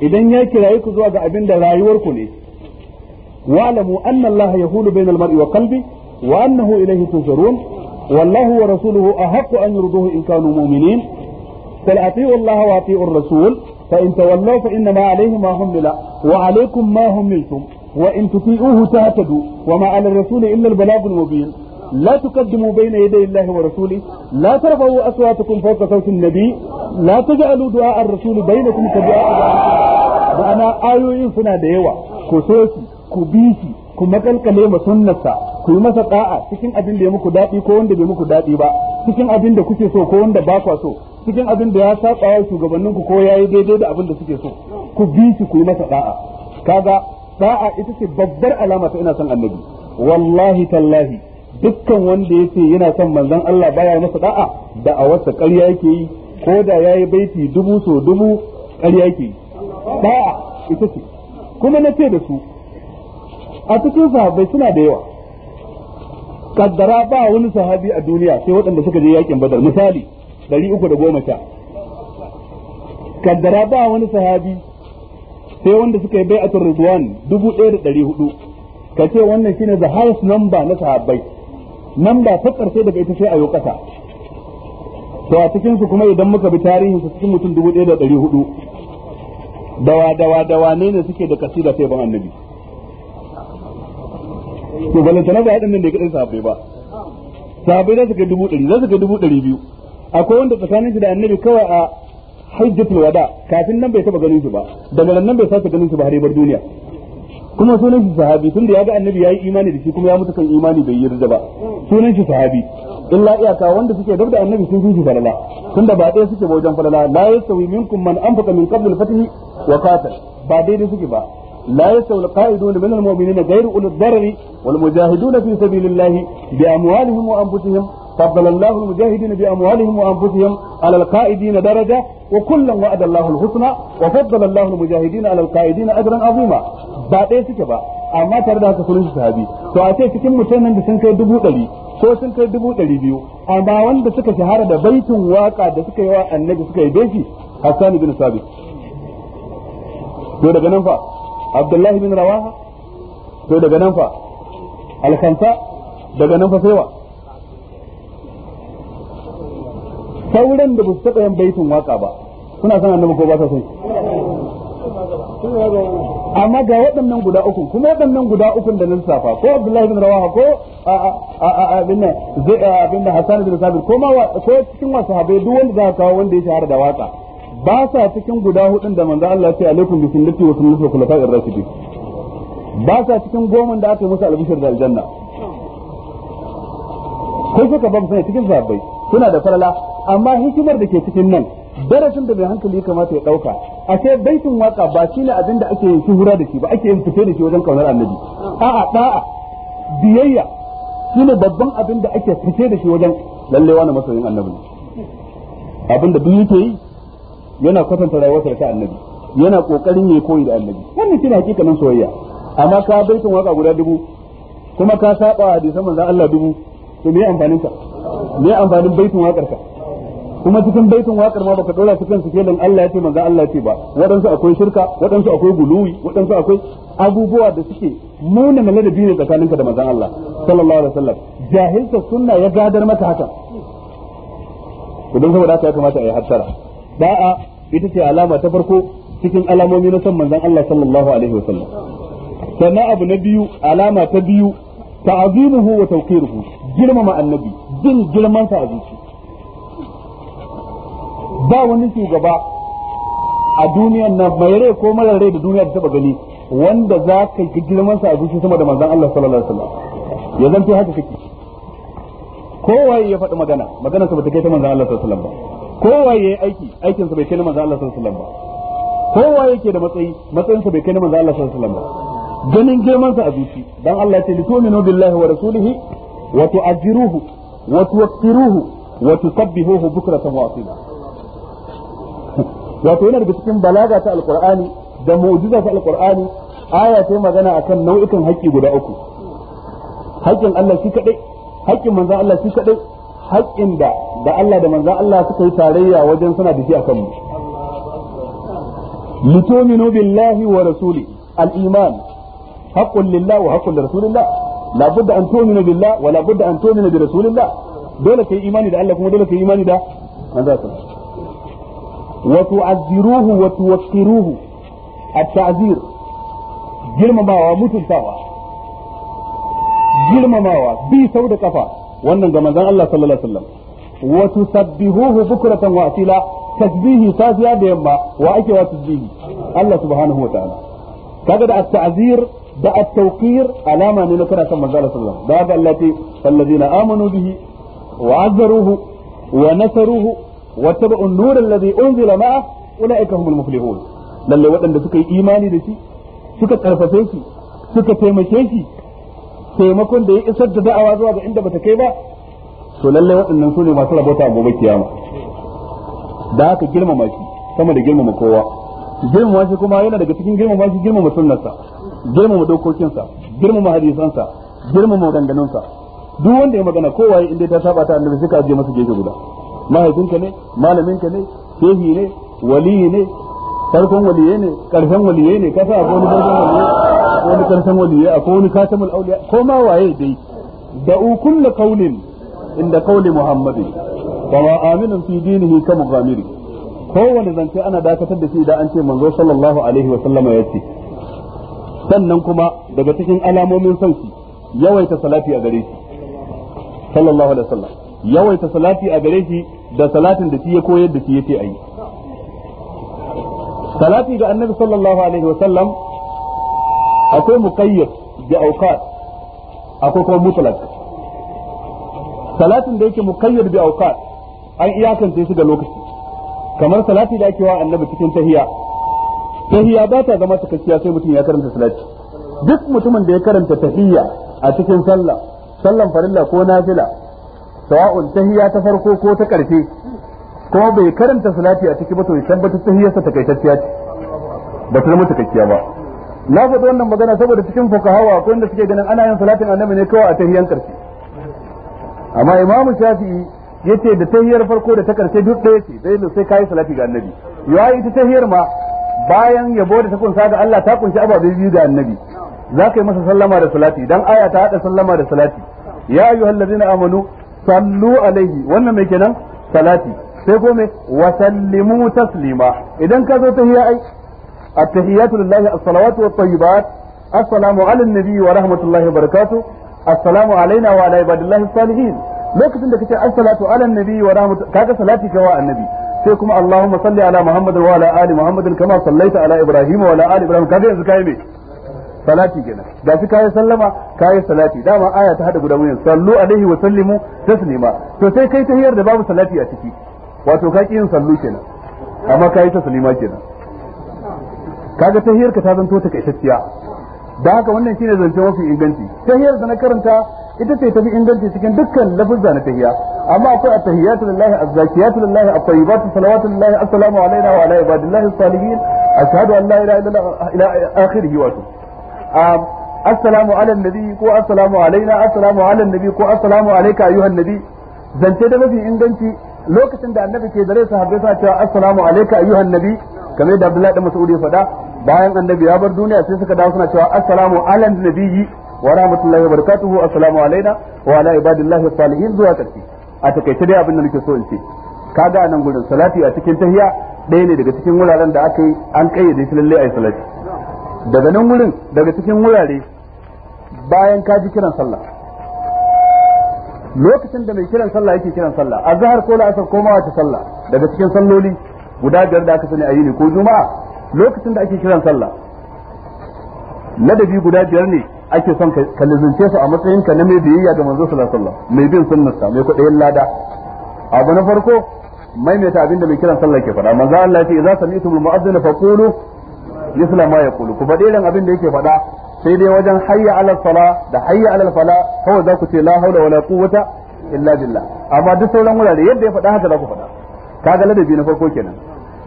idan ya kiraye ku zuwa ga abin da rayuwar ku ne wa wa'lamu anna allaha yahulu bainal mar'i wa qalbi wa annahu ilayhi wallahu wa wa rasuluhu ahaqqu an yurduhu in kanu mu'minin ati'u allaha ati'u ar-rasul fa in يرضوه fa inna ma قل ma hum وأطيعوا wa alaykum ma hum minkum wa in tuti'uhu tahtadu wa ma 'ala ar-rasuli illa al-balagh al-mubin لا تقدموا بين يدي الله ورسوله لا ترفعوا أصواتكم فوق صوت النبي لا تجعلوا دعاء الرسول بينكم كدعاء وأنا آيوين سنة ديوة كسوسي كبيسي ku makalkale ma sunnarsa ku yi masa da'a cikin abin da ya muku daɗi ko wanda bai muku daɗi ba cikin abin da kuke so ko wanda ba kwa so cikin abin da ya saba wa shugabannin ku ko yayi daidai da abin da suke so ku bi shi ku yi masa da'a kaga da'a ita ce babbar alama ta ina son annabi wallahi tallahi dukkan wanda ya ce yana son manzon Allah baya masa da'a da a wasa ƙarya yake yi ko da ya yi baiti dubu so dubu ƙarya yake yi Ba'a, ita ce kuma na ce da su a cikin sahabbai suna da yawa kaddara ba wani sahabi a duniya sai waɗanda suka je yakin badar misali ɗari uku da goma sha kaddara ba wani sahabi sai wanda suka yi bai'atul ridwan dubu ɗaya da ɗari hudu ka ce wannan shine the highest number na sahabbai nan ba ta karshe daga ita sai a yau ƙasa, to a cikin su kuma idan muka bi tarihin su cikin mutum 1400 dawa dawa dawa ne ne suke da kasida sai ban annabi to balantana ba haɗin nan da ya kaɗin sahabbai ba sahabbai za su kai dubu ɗari za su kai dubu ɗari biyu akwai wanda tsakanin shi da annabi kawai a hajjatul wada kafin nan bai taɓa ganin shi ba daga nan bai sake ganin shi ba har bar duniya kuma sunan shi sahabi da ya ga annabi yi imani da shi kuma ya mutu kan imani bai yarda ba sunan shi sahabi illa iyaka wanda suke dab da annabi sun fi shi falala tunda ba ɗaya suke ba wajen falala la yasawi minkum man anfaqa min qabl al-fath wa qatal ba daidai suke ba la min al-mu'minina ghayru المؤمنين darri wal الضرر fi sabilillahi bi amwalihim wa anfusihim فضل الله المجاهدين بأموالهم وأنفسهم على القائدين درجة وكلا وعد الله الحسنى وفضل الله المجاهدين على القائدين أجرا عظيما بعد إيه سكبا أما ترد هكا سنة صحابي فأتي سكين متنن بسنك دبو تلي ko sun kai dubu ɗari biyu amma wanda suka shahara da baitin waka da suka yi wa annabi suka yi beshi hassani bin sabit to daga nan fa abdullahi bin rawaha to daga nan fa alkanta daga nan fa sai sauran da ba su taɓa yin baitin waka ba suna son annabi ko ba sa son amma ga waɗannan guda uku kuma waɗannan guda uku da safa ko Abdullahi bin Rawaha ko abin abin da Hassan bin sabir ko ma ko cikin wasu habai duk wanda za ka kawo wanda ya shahara da waka ba sa cikin guda hudun da manzo Allah ya ce alaikum bi sunnati wa sunnati khulafa'ir rashidin ba sa cikin goma da aka yi musu albishir da aljanna ko suka ba mu cikin sahabbai suna da farala amma hikimar da ke cikin nan darasin da mai hankali ya kamata ya dauka a ce baitin waka ba shi ne abin da ake yin shuhura da shi ba ake yin fice da shi wajen kaunar annabi a'a da'a biyayya shi ne babban abin da ake fice da shi wajen lalle wani masoyin annabi abin da duk yake yi yana kwatanta rayuwarsa ta annabi yana kokarin ya koyi da annabi wannan shi shine hakikanin soyayya amma ka baitin waka guda dubu kuma ka saba hadisan manzon Allah dubu to me amfanin sa mai amfanin baitin wakar ka kuma cikin baitin wakar ma baka dora su suke dan Allah ya ce manzo Allah ya ce ba waɗansu akwai shirka waɗansu akwai guluwi waɗansu akwai abubuwa da suke nuna maladabi ne tsakaninka da manzo Allah sallallahu alaihi wasallam jahilta sunna ya gadar maka haka idan saboda haka ya kamata a yi hattara da'a ita ce alama ta farko cikin alamomi na son manzon Allah sallallahu alaihi wasallam sannan abu na biyu alama ta biyu ta'zimuhu wa tawqiruhu girmama annabi jin girman sa a jiki ba wani shugaba a duniyan nan mai rai ko mara rai da duniya ta taba gani wanda za ka yi girman sa a jiki sama da manzan Allah sallallahu alaihi wasallam ya zanto haka kake kowaye ya faɗi magana magana sa bata kai ta manzan Allah sallallahu alaihi wasallam ba kowaye yi aiki aikin sa bai kai na manzan Allah sallallahu alaihi wasallam ba kowaye yake da matsayi matsayin sa bai kai na manzan Allah sallallahu alaihi wasallam ba ganin girmansa a zuci dan Allah ya ce litu'minu billahi wa rasulihi wa tu'azziruhu wa tuwaqqiruhu wa tusabbihuhu bukratan wa asila wato yana daga cikin balaga ta alqur'ani da mu'jiza ta alqur'ani aya ta magana akan nau'ikan haƙƙi guda uku haƙƙin Allah shi kadai haƙƙin manzon Allah shi kadai haƙƙin da da Allah da manzon Allah suka yi tarayya wajen suna da shi akan mu lituminu billahi wa rasuli al-iman haqqun lillahi wa haqqun lirasulillah la budda an tu'minu billah wa la budda an tu'minu bi dole kai imani da Allah kuma dole kai imani da manzo wa tu'azziruhu wa tuwaqqiruhu at-ta'zir girmamawa mutuntawa bi sau da kafa wannan ga manzon Allah sallallahu alaihi wasallam wa tusabbihuhu bukratan wa asila tasbihi safiya da yamma wa ake wa Allah kaga da at-ta'zir da at-tawqir alama ne na kana son manzo Allah sallallahu alaihi wasallam da Allah ce allazina amanu bihi wa azzaruhu wa nasaruhu wa tabu'u an-nur alladhi unzila ma'a ulaika humul muflihun lalle waɗanda suka yi imani da shi suka karfafe shi suka taimake shi taimakon da ya isar da da'awa zuwa ga inda bata kai ba to lalle waɗannan su ne masu rabota a gobe kiyama da haka girmama shi sama da girmama kowa girmama shi kuma yana daga cikin girmama shi girmama sunnarsa girmama dokokinsa girmama hadisansa girmama maganganunsa duk wanda ya magana kowaye inda ta saba ta annabi suka je masa gefe guda mahaifinka ne malaminka ne shehi ne wali ne farkon waliye ne karshen waliye ne kasa akwai wani farkon waliye akwai wani karshen waliye akwai wani katamul auliya ko ma waye dai da'u kullu qawlin inda qawli muhammadin kama aminun fi dinihi kamu gamiri kowane zance ana dakatar da shi idan an ce manzo sallallahu alaihi wa sallama yace sannan kuma daga cikin alamomin sauki yawaita salati a gare shi sallallahu alaihi wasallam yawaita salati a gare shi da salatin da shi ya koyar da shi yace ayi salati ga annabi sallallahu alaihi wasallam akwai muqayyad bi awqat akwai kuma mutlaq salatin da yake muqayyad bi awqat an iyakance shi ga lokaci kamar salati da ake wa annabi cikin tahiyya tahiya ba ta zama cikakkiya sai mutum ya karanta salati duk mutumin da ya karanta tahiya a cikin sallah sallan farilla ko nafila sawa'un tahiya ta farko ko ta karshe ko bai karanta salati a ciki ba to ya tabbata ta takaitacciya ce ba ta zama cikakkiya ba na faɗi wannan magana saboda cikin fukahawa akwai wanda suke ganin ana yin salatin annabi ne kawai a tahiyan karshe amma imamu shafi'i yace da tahiyar farko da ta karshe duk ɗaya ce dai sai kai salati ga annabi yayi ita tahiyar ma bayan yabo da ta kunsa ga Allah ta kunshi ababe biyu ga annabi za ka yi masa sallama da salati dan aya ta hada sallama da salati ya ayyuhal ladina amanu sallu alaihi wannan mai kenan salati sai ko me wa sallimu taslima idan ka zo ta hiya ai at-tahiyatu lillahi as-salawatu wat-tayyibat assalamu ala an-nabi wa rahmatullahi wa barakatuh assalamu alaina wa ala ibadillahi salihin lokacin da kace assalatu ala an-nabi wa rahmatullahi kaga salati kawa annabi sai kuma Allahumma salli ala Muhammad wa ala ali Muhammad kama sallaita ala Ibrahim wa ala ali Ibrahim kaje yanzu kai me salati kenan shi kai sallama kai salati dama aya ta hada guda mun sallu alaihi wa sallimu taslima to sai kai tahiyar da babu salati a ciki wato ka yin sallu kenan amma kai taslima kenan kaga hiyar ka ta zanto ta kaitacciya da haka wannan shine zance mafi inganci tahiyar da na karanta ita ce ta bi inganci cikin dukkan lafuzza na tahiyya amma akwai at-tahiyyatu lillahi az-zakiyatu lillahi at-tayyibatu salawatu lillahi assalamu alayna wa ala ibadillahi as-salihin ashhadu an la ilaha illallah ila akhirih wa um, assalamu ala nabi ko assalamu alaina assalamu ala nabi ko assalamu alayka ayyuhan nabi zance da mafi inganci lokacin da annabi ke zare sahabbai sa cewa assalamu alayka ayyuhan nabi kamar da Abdullahi da Mas'ud ya faɗa bayan annabi ya bar duniya sai suka dawo suna cewa assalamu ala nabiyyi wa rahmatullahi wa barakatuhu assalamu alaina wa ala ibadillahi salihin zuwa karshe a takaice dai abin da nake so in ce kaga nan gurin salati a cikin tahiya Daya ne daga cikin wuraren da aka yi an kayyade shi lalle ayi salati daga nan gurin daga cikin wurare bayan ka ji kiran sallah lokacin da mai kiran sallah yake kiran sallah azhar ko la'asar ko ma wata sallah daga cikin salloli guda biyar da aka sani a yini ko juma'a lokacin da ake kiran sallah ladabi guda biyar ne ake son ka lizince su a matsayin ka na mai biyayya ga manzo sallallahu alaihi wasallam mai bin sunnarsa mai kudayen lada abu na farko maimaita abinda mai kiran sallah ke faɗa manzo Allah ya ce idza sami'tumul mu'adhdhin faqulu yusla ma yaqulu ku faɗi ran abin da yake faɗa sai dai wajen hayya ala sala da hayya ala fala kawai za ku ce la haula wala quwwata illa billah amma duk sauran wurare yadda ya faɗa haka za ku faɗa kaga ladabi na farko kenan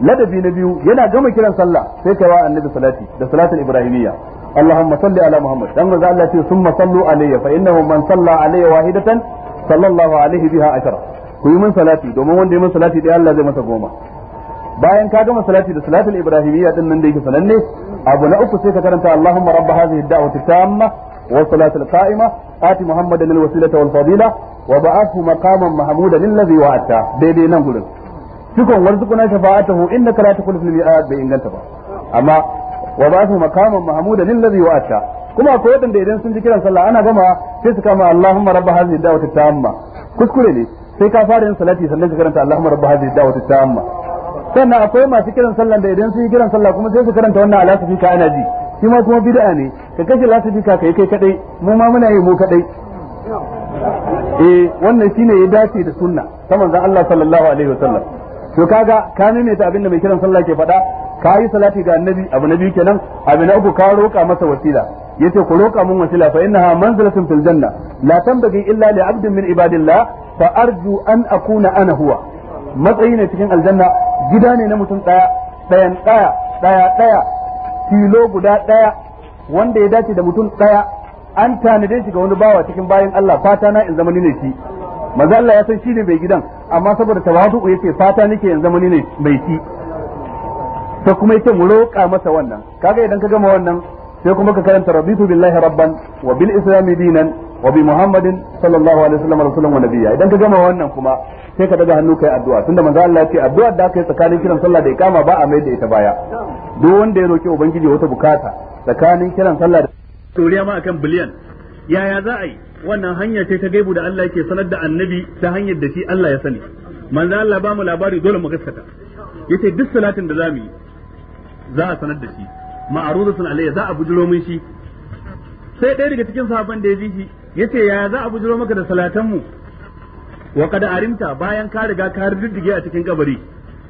ladabi na biyu yana gama kiran sallah sai kai wa annabi salati da salatul ibrahimiyya اللهم صل على محمد dan manzo Allah ce sallu alayya fa innahu man salla alayya wahidatan sallallahu alaihi biha ashara ku yi salati domin wanda ya min salati dai Allah zai masa goma bayan ka gama salati da salatul ibrahimiyya din nan da yake sananne abu na uku sai ka karanta Allahumma rabb hadhihi ad-da'wati tamma wa salatul qa'ima ati muhammadan al-wasilata wal fadila wa ba'athu maqaman mahmudan alladhi wa'ata daidai nan gurin cikon warzuquna shafa'atahu innaka la tukhlifu al-mi'ad bai inganta ba amma wa ba su makaman mahmudan lillazi wa'ata kuma akwai wadanda idan sun ji kiran sallah ana gama sai su kama Allahumma rabb hadhihi da'wati tamma kuskure ne sai ka fara yin salati sannan ka karanta Allahumma rabb hadhihi da'wati tamma sannan akwai masu kiran sallah da idan sun ji kiran sallah kuma sai su karanta wannan alasifi ka ana ji shi ma kuma bid'a ne ka kashe lasifi ka kai kai kadai mu ma muna yi mu kadai eh wannan shine ya dace da sunna ta manzon Allah sallallahu alaihi wasallam to kaga ka ne ta abinda mai kiran sallah ke faɗa ka yi salati ga annabi abu na kenan abu na uku ka roƙa masa wasila yace ku roƙa mun wasila fa innaha manzilatun fil janna la tambagi illa li abdin min ibadillah fa arju an akuna ana huwa matsayi ne cikin aljanna gida ne na mutum daya daya daya daya daya kilo guda daya wanda ya dace da mutum daya an tanade shi ga wani bawa cikin bayan Allah fata na in zamani ne shi manzo Allah ya san shi ne bai gidan amma saboda tawadu ce fata nake in zamani ne bai shi ta kuma yace mu roƙa masa wannan kaga idan ka gama wannan sai kuma ka karanta raditu billahi rabban wa bil islami dinan wa bi muhammadin sallallahu alaihi wasallam rasulun wa nabiyya idan ka gama wannan kuma sai ka daga hannu kai addu'a tunda manzo Allah ya ce addu'a da kai tsakanin kiran sallah da ikama ba a mai da ita baya duk wanda ya roki ubangiji wata bukata tsakanin kiran sallah da turiya ma akan biliyan yaya za a yi wannan hanya ce ta gaibu da Allah yake sanar da annabi ta hanyar da shi Allah ya sani manzo Allah ba mu labari dole mu gaskata yace duk salatin da zamu yi za a sanar da shi ma'arudatun alayya za a bujiro shi sai ɗaya daga cikin sahabban da ya ji shi ce ya za a bujiro maka da salatan mu wa kada arimta bayan ka riga ka riddige a cikin kabari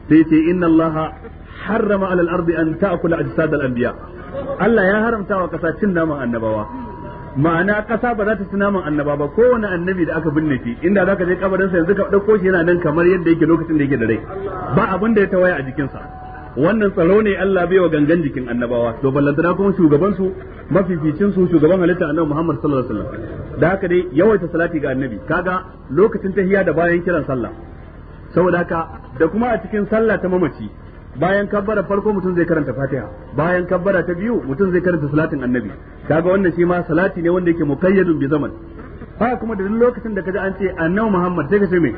sai ce inna allaha harrama alal ardi an ta'kula ajsad al anbiya Allah ya haramta wa kasa cin naman annabawa ma'ana kasa ba za ta ci naman annaba ba kowane annabi da aka binne shi inda za ka je kabarinsa yanzu ka dauko shi yana nan kamar yadda yake lokacin da yake da rai ba abin da ya tawaya a jikinsa wannan tsaro ne Allah bai wa gangan jikin annabawa to ballantana kuma shugaban su mafificin su shugaban halitta annabi Muhammad sallallahu alaihi wasallam da haka dai yawaita salati ga annabi kaga lokacin tahiyya da bayan kiran sallah saboda haka da kuma a cikin sallah ta mamaci bayan kabbara farko mutum zai karanta fatiha bayan kabbara ta biyu mutum zai karanta salatin annabi kaga wannan shi ma salati ne wanda yake muqayyadun bi zaman A kuma da duk lokacin da kaji an ce annabi Muhammad sai ka ce me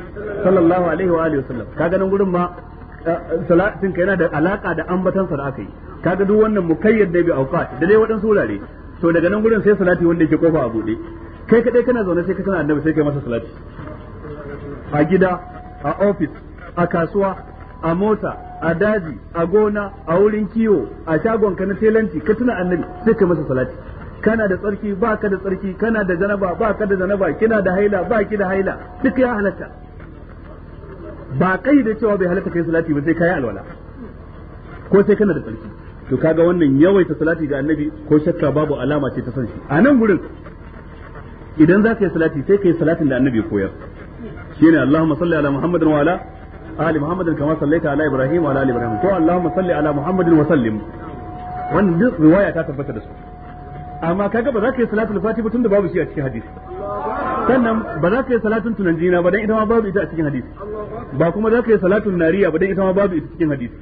sallallahu alaihi wa alihi wasallam kaga nan gurin ma salatin ka yana da alaka da ambatan sa da aka yi kaga duk wannan mukayyad ne bi auqat da dai waɗansu wurare to daga nan gurin sai salati wanda yake kofa a bude kai kadai kana zaune sai ka tana annabi sai kai masa salati a gida a office a kasuwa a mota a daji a gona a wurin kiwo a shagon ka na telanci ka tuna annabi sai kai masa salati kana da tsarki ba ka da tsarki kana da janaba ba ka da janaba kina da haila ba ki da haila duk ya halatta ba kai da cewa bai halaka kai salati ba sai kai alwala ko sai kana da tsarki to kaga wannan yawaita salati ga annabi ko shakka babu alama ce ta san shi a nan gurin idan za ka yi salati sai ka yi salatin da annabi koyar shine Allahumma salli ala Muhammadin wa ala ali Muhammadin kama sallaita ala Ibrahim wa ala ali Ibrahim ko Allahumma salli ala Muhammadin wa sallim wannan duk riwaya ta tabbata da su amma kaga ba za ka yi salatul fatiha tunda babu shi a cikin hadisi sannan ba za ka yi salatin tunan jina ba dan ita ma babu ita a cikin hadisi ba kuma za ka yi salatun nariya ba dai ita ma babu ita cikin hadisi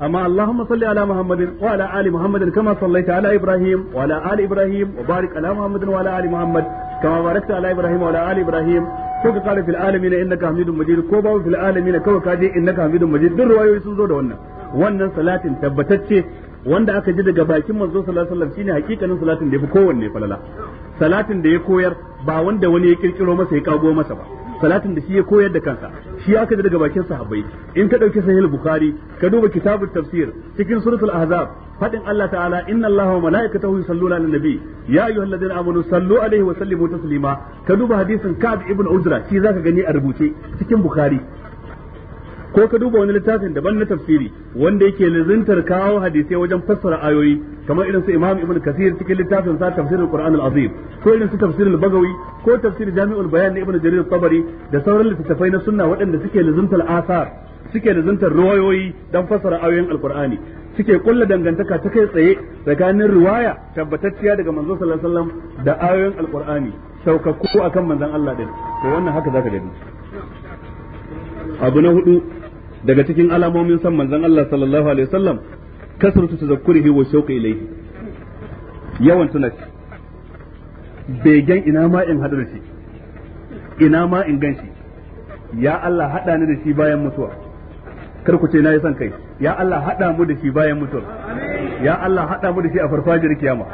amma Allahumma salli ala Muhammadin wa ala ali Muhammadin kama sallaita ala Ibrahim wa ala ali Ibrahim wa barik ala Muhammadin wa ala ali Muhammad kama barakta ala Ibrahim wa ala ali Ibrahim ko ka kare fil alamin innaka Hamidum Majid ko babu fil alamin kawai ka je innaka Hamidum Majid duk ruwayoyi sun zo da wannan wannan salatin tabbatacce wanda aka ji daga bakin manzo sallallahu alaihi wasallam shine hakikanin salatin da ya fi kowanne falala salatin da ya koyar ba wanda wani ya kirkiro masa ya kago masa ba salatin da shi ya koyar da kansa shi aka ji daga bakin sahabbai in ka dauki sahih bukhari ka duba kitabut tafsir cikin suratul ahzab fadin Allah ta'ala inna Allaha wa malaikatahu yusalluna 'alan nabi ya ayyuhalladhina amanu sallu 'alaihi wa sallimu taslima ka duba hadisin Ka'ab ibn udra shi zaka gani a rubuce cikin bukhari ko ka duba wani littafin daban na tafsiri wanda yake lizintar kawo hadisai wajen fassara ayoyi kamar irin su Imam Ibn Kathir cikin littafin sa tafsirul Qur'an al-Azim ko irin su Bagawi ko tafsirin Jami'ul Bayan na Ibn Jarir tabari da sauran littattafai na sunna waɗanda suke lizintar asar suke lizintar riwayoyi dan fassara ayoyin Al-Qur'ani suke kulla dangantaka ta kai tsaye tsakanin riwaya tabbatacciya daga manzon sallallahu alaihi wasallam da ayoyin Al-Qur'ani saukakku akan manzon Allah din to wannan haka zaka gani abu na hudu daga cikin alamomin san manzon Allah sallallahu alaihi wasallam kasratu tazakkurihi wa shauqi ilayhi yawan tuna shi begen ina ma in hadu da shi ina ma in ganshi ya Allah hada ni da shi bayan mutuwa kar ku ce na yi son kai ya Allah haɗa mu da shi bayan mutuwa ya Allah haɗa mu da shi a farfajiyar kiyama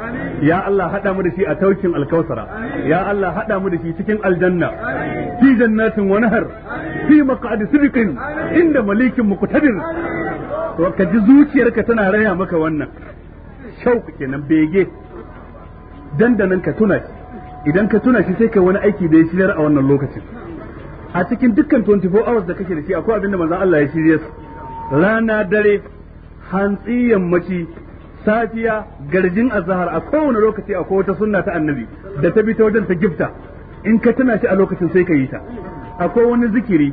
ya Allah haɗa mu da shi a taukin alkausara ya Allah haɗa mu da shi cikin aljanna fi jannatin wa nahar fi maq'adi sidqin inda malikin muqtadir to ka ji zuciyarka tana raya maka wannan shauku kenan bege dandanan ka tuna shi idan ka tuna shi sai kai wani aiki da ya shirar a wannan lokacin a cikin dukkan 24 hours da kake da shi akwai abinda da manzon Allah ya shirye su rana dare hantsi yammaci safiya garjin azhar a kowane lokaci akwai wata sunna ta annabi da ta bi ta wajen ta gifta in ka tana shi a lokacin sai ka yi ta akwai wani zikiri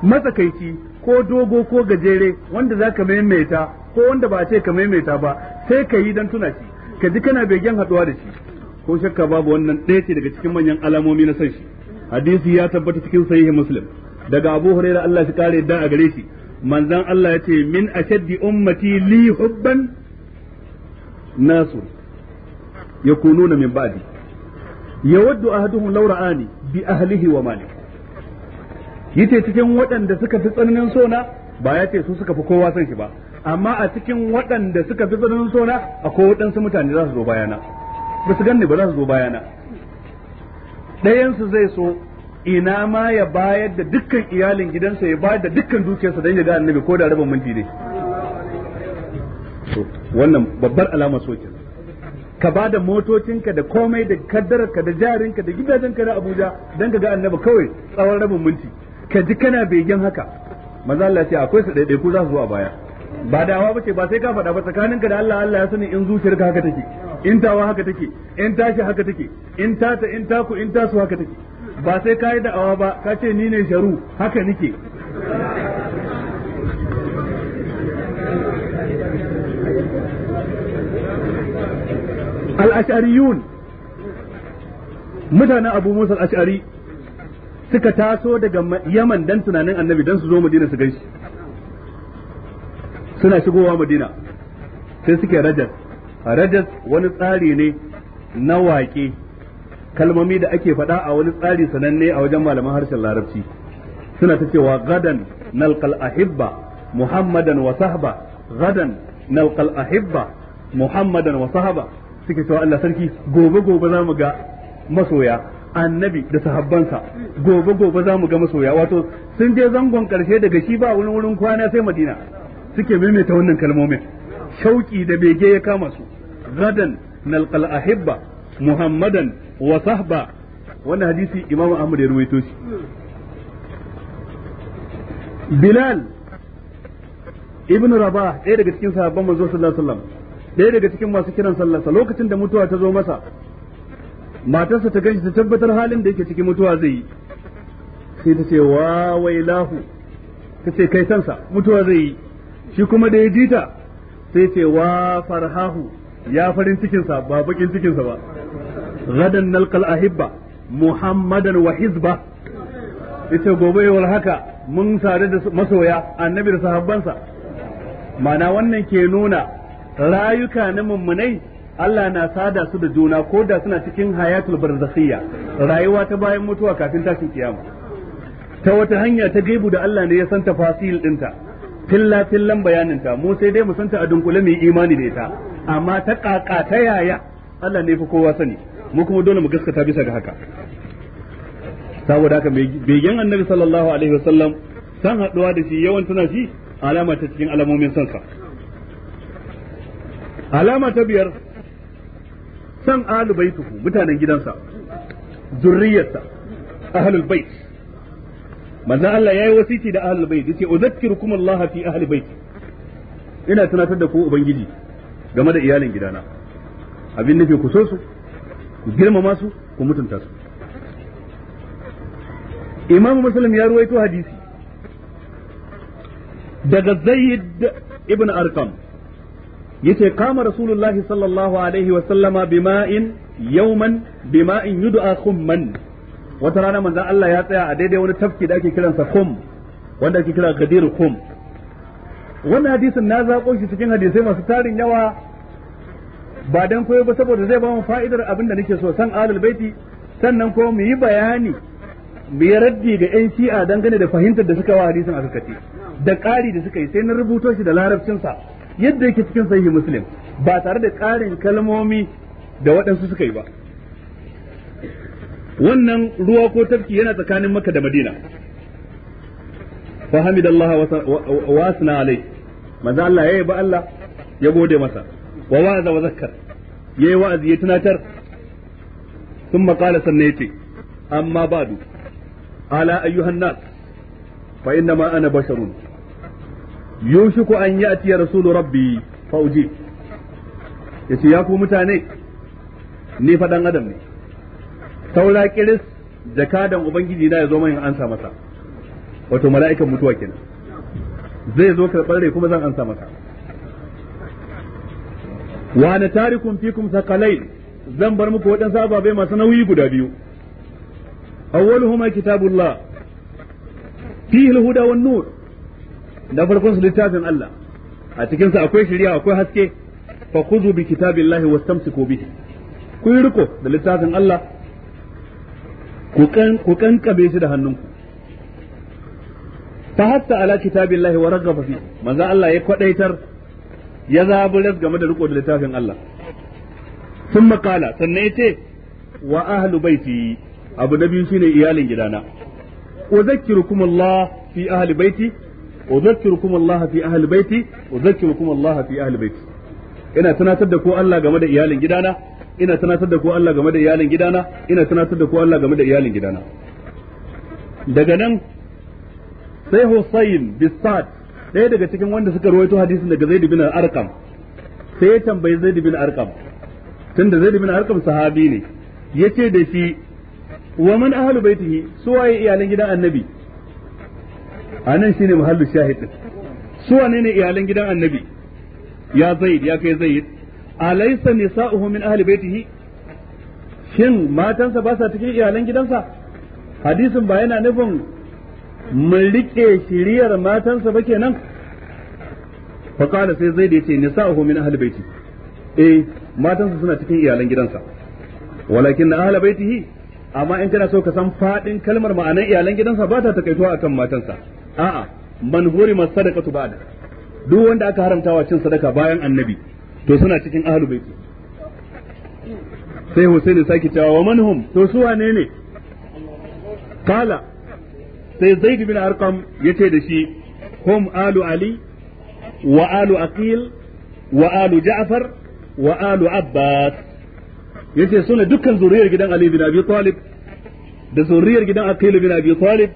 matsakaici ko dogo ko gajere wanda za ka maimaita ko wanda ba a ce ka maimaita ba sai ka yi don tuna shi ka ji kana begen haɗuwa da shi ko shakka babu wannan ɗaya ce daga cikin manyan alamomi na son shi hadisi ya tabbata cikin sahihi muslim daga abu hurairah Allah shi kare da a gare shi manzon Allah ya ce min ashaddi ummati li hubban nasu yakununa min ba'di yawaddu ahaduhum law ra'ani bi ahlihi wa mali yace cikin waɗanda suka fi tsananin sona ba ya ce su suka fi kowa san shi ba amma a cikin waɗanda suka fi tsananin sona akwai waɗansu mutane za su zo bayana ba su ganni ba za su zo bayana ɗayansu zai so ina ma ya bayar da dukkan iyalin gidansa ya bayar da dukkan dukiyarsa don ya ga annabi ko da rabin minti ne wannan babbar alama soke ka ba da motocinka da komai da kaddararka da jarinka da gidajenka na Abuja don ka ga annabi kawai tsawon rabin minti ka ji kana begen haka maza Allah ce akwai su ɗaiɗaiku za su zo a baya ba dawa bace ba sai ka faɗa ba tsakaninka da Allah Allah ya sani in zuciyarka haka take in tawa haka take in tashi haka take in tata in taku in tasu haka take ba sai ka yi da'awa ba ka ce ni ne sharu haka nike al-ashariyun mutanen abu musa al-ashari suka taso daga yaman dan tunanin annabi dan su zo madina su gaishe. suna shigowa madina sai suke rajas rajas wani tsari ne na waƙe kalmomi da ake faɗa a wani tsari sananne a wajen malaman harshen larabci suna ta cewa gadan nalqal ahibba muhammadan wa sahba gadan nalqal ahibba muhammadan wa sahaba suke cewa Allah sarki gobe gobe za mu ga masoya annabi da sahabbansa gobe gobe za mu ga masoya wato sun je zangon karshe daga shi ba wurin wurin kwana sai madina suke maimaita wannan kalmomin shauki da bege ya kama su gadan nalqal ahibba muhammadan wa sahba wannan hadisi imamu ahmad ya ruwaito shi bilal ibn rabah ɗaya daga cikin sahabban manzo sallallahu alaihi wasallam ɗaya daga cikin masu kiran sallarsa lokacin da mutuwa ta zo masa matarsa ta ganshi ta tabbatar halin da yake cikin mutuwa zai yi sai ta ce wa wailahu ta ce kai sansa mutuwa zai yi shi kuma da ya ji ta sai ce wa farhahu ya farin cikinsa ba bakin cikinsa ba gadan nalqal ahibba muhammadan wa hizba ita gobe wal haka mun sare da masoya annabi da sahabbansa mana wannan ke nuna rayuka na mummunai Allah na sada su da juna ko da suna cikin hayatul barzakhiyya rayuwa ta bayan mutuwa kafin tashin kiyama ta wata hanya ta gaibu da Allah ne ya san tafasil dinta filla fillan bayanin ta mu sai dai mu santa a dunkule mu imani da ita amma ta kaka ta yaya Allah ne fi kowa sani mu kuma dole mu gaskata bisa ga haka saboda haka begen annabi sallallahu alaihi wasallam san haduwa da shi yawan tana shi alama ta cikin alamomin sansa alama ta biyar san alubaitu mutanen gidansa zurriyarsa ahlul bait manzon Allah yayi wasiti da ahlul bait yace uzakkirukum Allah fi ahli bait ina tunatar da ku ubangiji game da iyalin gidana abin nufi ku so su ku girmama su ku mutunta su Imam Muslim ya ruwaito hadisi daga Zaid ibn Arqam yace kama Rasulullahi sallallahu alaihi wa sallama bima'in yawman bima'in yud'a khumman wata rana manzon Allah ya tsaya a daidai wani tafki da ake kiransa kum wanda ake kira gadir kum wannan hadisin na zaƙo shi cikin hadisai masu tarin yawa ba dan koyo ba saboda zai ba mu fa'idar abin da nake so san alul baiti sannan ko mu yi bayani mu yi raddi ga yan shi'a dangane da fahimtar da suka wa hadisin a kakati da ƙari da suka yi sai na rubuto shi da larabcinsa yadda yake cikin sahihi muslim ba tare da ƙarin kalmomi da waɗansu suka yi ba wannan ruwa ko tafki yana tsakanin maka da Madina fa Allah wa asna alai manzo Allah yayi ba Allah ya gode masa wa wa'aza wa zakkar yayi wa'azi ya tunatar amma badu ala ayyuhan nas fa inna ma ana basharun. بشر an ya'ti يأتي rabbi fa uji yace ya ku mutane ni fa ɗan adam ne saura kiris jakadan ubangiji na ya zo mai ansa masa wato mala'ikan mutuwa kenan zai zo karɓar rai kuma zan ansa masa wa ana tarikum fikum sakalai zan bar muku waɗansu ababai masu nauyi guda biyu awwaluhuma kitabullah fihi alhuda wan nur da farkon su littafin Allah a cikin sa akwai shari'a akwai haske fa khudhu bi kitabillahi wastamsiku bihi ku riko da littafin Allah ku kankabe shi da hannunku ta hatta ala kitabillahi wa raghaba fi manzo Allah ya kwadaitar ya zaburar game da riko da littafin Allah sun makala sannan ya ce wa ahlu baiti abu na biyu ne iyalin gidana uzakkirukum Allah fi ahli baiti uzakkirukum Allah fi ahli baiti uzakkirukum Allah fi ahli baiti ina tunatar da ko Allah game da iyalin gidana ina tunatar da ku Allah game da iyalin gidana ina tunatar da ku Allah game da iyalin gidana daga nan sai Husayn bisad ɗaya daga cikin wanda suka rawaito hadisin daga Zaid bin Arqam sai ya tambayi Zaid bin Arqam tunda Zaid bin Arqam sahabi ne yace da shi wa man ahlu baitihi waye iyalan gidan annabi anan shine mahallu shahid su wane ne iyalan gidan annabi ya Zaid ya kai Zaid alaysa nisa'uhu min ahli baitihi shin matansa ba sa cikin iyalan gidansa hadisin ba yana nufin mun rike shiriyar matansa ba kenan fa qala sai zai da yace nisa'uhu min ahli baiti eh matansa suna cikin iyalan gidansa walakin ahli baitihi amma in kana so ka san fadin kalmar ma'anar iyalan gidansa ba ta takaituwa akan matansa a'a man hurima sadaqatu ba'da duk wanda aka haramtawa cin sadaka bayan annabi to suna cikin ahlul baiti sai Husaini sake cewa wa manhum to su wane ne kala sai Zaid bin Arqam yace da shi hum alu ali wa alu aqil wa alu ja'far wa alu abbas yace suna dukkan zuriyar gidan Ali bin Abi Talib da zuriyar gidan Aqil bin Abi Talib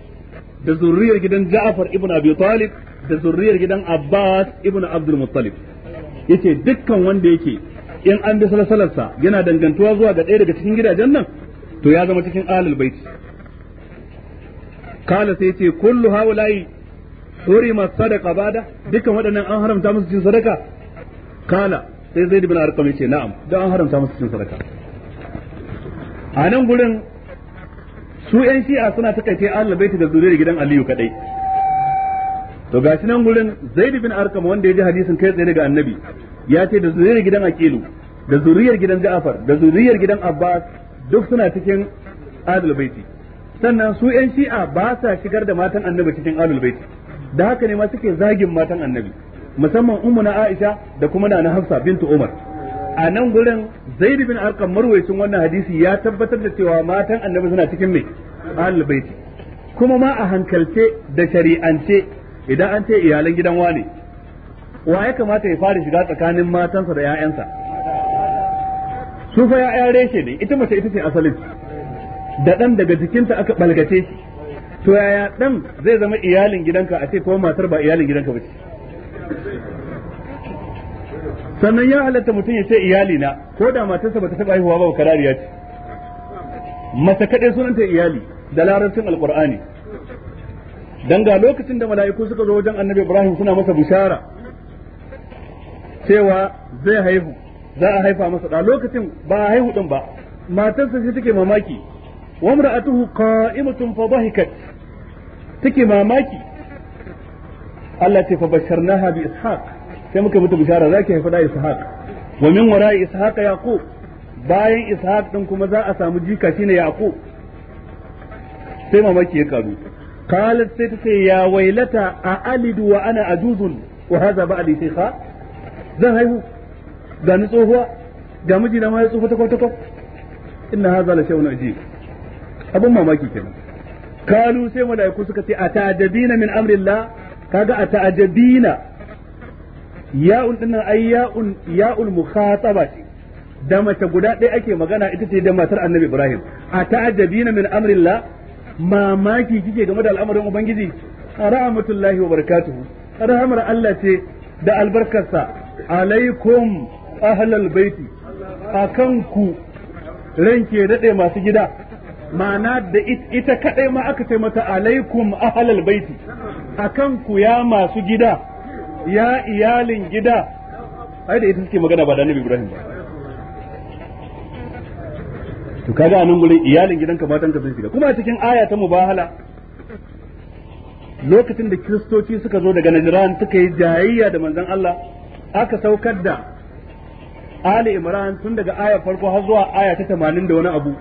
da zuriyar gidan Ja'far ibn Abi Talib da zuriyar gidan Abbas ibn Abdul Muttalib yace dukkan wanda yake in an bi sa yana dangantuwa zuwa ga ɗaya daga cikin gidajen nan to ya zama cikin ahlul bait kala sai ce kullu haula'i hurima sadaqa bada dukkan waɗannan an haramta musu cin sadaka kala sai zaid bin arqam yace na'am da an haramta musu cin sadaka a nan gurin su yan shi'a suna takaice ahlul bait da zuriyar gidan aliyu kadai to gashi nan gurin zaid bin arkam wanda ya ji hadisin kai tsaye daga annabi ya ce da zuriyar gidan akilu da zuriyar gidan ja'far da zuriyar gidan abbas duk suna cikin adul baiti sannan su yan shi'a ba sa shigar da matan annabi cikin adul baiti da haka ne ma suke zagin matan annabi musamman ummu na aisha da kuma na hafsa bintu umar a nan gurin zaid bin arkam marwayin wannan hadisi ya tabbatar da cewa matan annabi suna cikin me adul baiti kuma ma a hankalce da shari'ance idan an ce iyalan gidan wane wa ya kamata ya fara shiga tsakanin matansa da 'ya'yansa su fa ya'ya reshe ne ita mace ita ce asalin da ɗan daga jikinta aka balgace shi to yaya ɗan zai zama iyalin gidanka a ce ko matar ba iyalin gidanka ba ce sannan ya halatta mutum ya ce iyali na ko da matarsa bata taba haihuwa ba karariya ce mace kaɗai sunanta iyali da larabcin alqur'ani dan ga lokacin da mala'iku suka zo wajen annabi Ibrahim suna masa bishara cewa zai haihu za a haifa masa da lokacin ba a haihu din ba matarsa sai take mamaki wa mar'atuhu qa'imatun fa dhahikat take mamaki Allah ce fa bi ishaq sai muka mutu bishara zaki haifa da ishaq wa min wara'i ishaq yaqub bayan ishaq din kuma za a samu jika shine yaqub sai mamaki ya karu qalat sai tace ya wailata a alidu wa ana ajuzun wa hadha ba'li shaykha zan haihu ga ni tsohuwa ga mijina ma ya tsufa ta kwata inna hadha la shay'un ajib abun mamaki kenan kalu sai malaiku suka ce atajabina min amrillah kaga atajabina ya'un dinnan ai ya'un ya'ul mukhataba ce da mace guda ɗaya ake magana ita ce da matar annabi ibrahim atajabina min amrillah mamaki kike game da al'amarin ubangiji rahmatullahi wa barakatuhu rahmar Allah ce da albarkarsa alaikum ahlal baiti akan ku ranke dade masu gida ma'ana da ita kadai ma aka ce mata alaikum ahlal baiti akan ku ya masu gida ya iyalin gida ai da ita suke magana ba da Nabi Ibrahim ba to kaga nan gurin iyalin gidanka matan ka sun shiga kuma cikin aya ta mubahala lokacin da kiristoci suka zo daga najran suka yi jayayya da manzon Allah aka saukar da Ali Imran tun daga aya farko har zuwa aya ta 80 da wani abu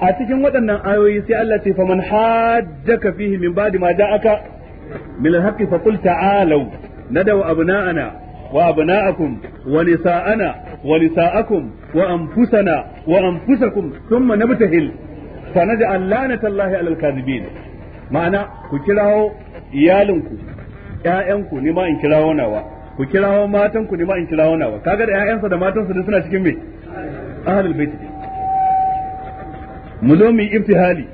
a cikin waɗannan ayoyi sai Allah ce faman hajjaka fihi min ba'di ma ja'aka min al-haqqi fa qul ta'alu nadaw abna'ana wa abna'akum wa nisa'ana wa nisa'akum wa anfusana wa anfusakum thumma nabtahil fa naj'al lanata ma'ana ku kirawo iyalinku ƴaƴanku ni ma in kirawo nawa ku kirawo matanku ni ma in kirawo nawa kaga da ƴaƴansa da matansa duk suna cikin me ahlul bait mu zo mu yi ibtihali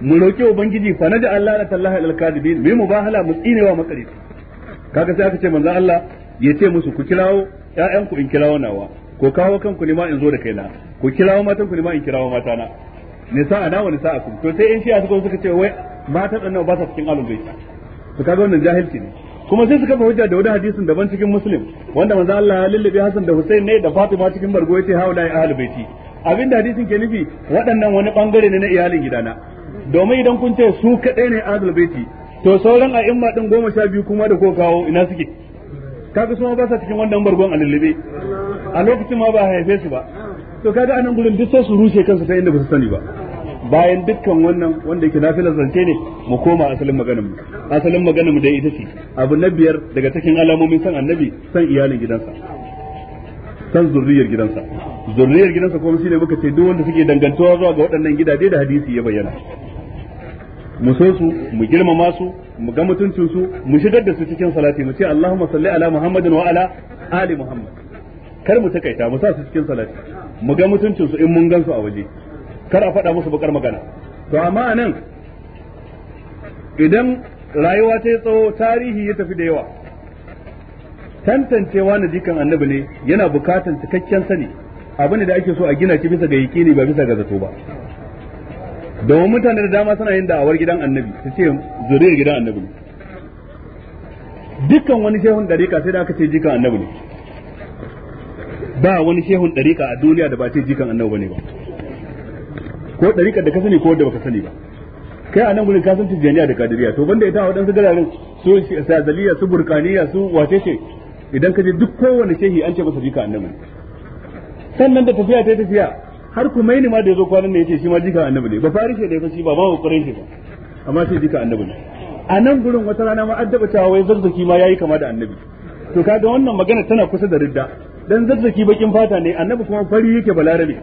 mu roki ubangiji fa naj'al lanata Allahi 'alal kadhibin mu mubahala mu tsinewa makariti kaga sai aka ce manzo Allah ya ce musu ku kirawo ƴaƴanku in kirawo nawa ko kawo kanku ne ma in zo da kaina ku kirawo matanku ne ma in kirawo matana sa'a na sa'a nisa'akum to sai in shi'a suka suka ce wai matan nan ba sa cikin bai ta to kaga wannan jahilci ne kuma sai suka hujja da wani hadisin daban cikin muslim wanda manzo Allah ya lullube Hassan da Hussein ne da Fatima cikin bargo yace haula ya ahlul baiti abinda hadisin ke nufi waɗannan wani bangare ne na iyalin gidana domin idan kun ce su kadai ne ahli baiti to sauran a imma din goma sha biyu kuma da ko kawo ina suke kaga su ma ba sa cikin wannan bargon alillibe a lokacin ma ba haife su ba to kaga anan gurin duk sai su rushe kansu ta inda ba su sani ba bayan dukkan wannan wanda yake nafilar zance ne mu koma asalin maganar mu asalin maganar mu dai ita ce abu na biyar daga cikin alamomin san annabi san iyalin gidansa san zurriyar gidansa zurriyar gidansa kuma shine muka ce duk wanda suke dangantawa zuwa ga waɗannan gidaje da hadisi ya bayyana mu san su mu girmama su mu ga mutuncin su mu shigar da su cikin salati mu ce Allahumma salli ala Muhammadin wa ala ali Muhammad kar mu takaita mu sa su cikin salati mu ga mutuncin su in mun gan su a waje kar a faɗa musu bakar magana to amma anan idan rayuwa ta yi tsawo tarihi ya tafi da yawa tantancewa na jikan annabi ne yana bukatan cikakken sani abin da ake so a gina shi bisa ga ne ba bisa ga zato ba domin mutane da dama suna yin da'awar gidan annabi su ce zuriyar gidan annabi ne dukkan wani shehun dariƙa sai da aka ce jikan annabi ne ba wani shehun dariƙa a duniya da ba ce jikan annabi ne ba ko dariƙa da ka sani ko da baka sani ba kai a nan gurin ka san tijjaniya da kadiriya to banda ita waɗansu gararin su sazaliya su burkaniya su wace ce idan ka je duk kowane shehi an ce masa jika annabi sannan da tafiya ta tafiya har kuma yini ma da ya zo kwanan ne ce shi ma jika annabi ne ba farishe ne fa shi ba ba kokarin shi ba amma shi jika annabi ne a nan gurin wata rana ma addaba cewa wai zarzaki ma yayi kama da annabi to kaga wannan magana tana kusa da ridda don zarzaki bakin fata ne annabi kuma fari yake balarabe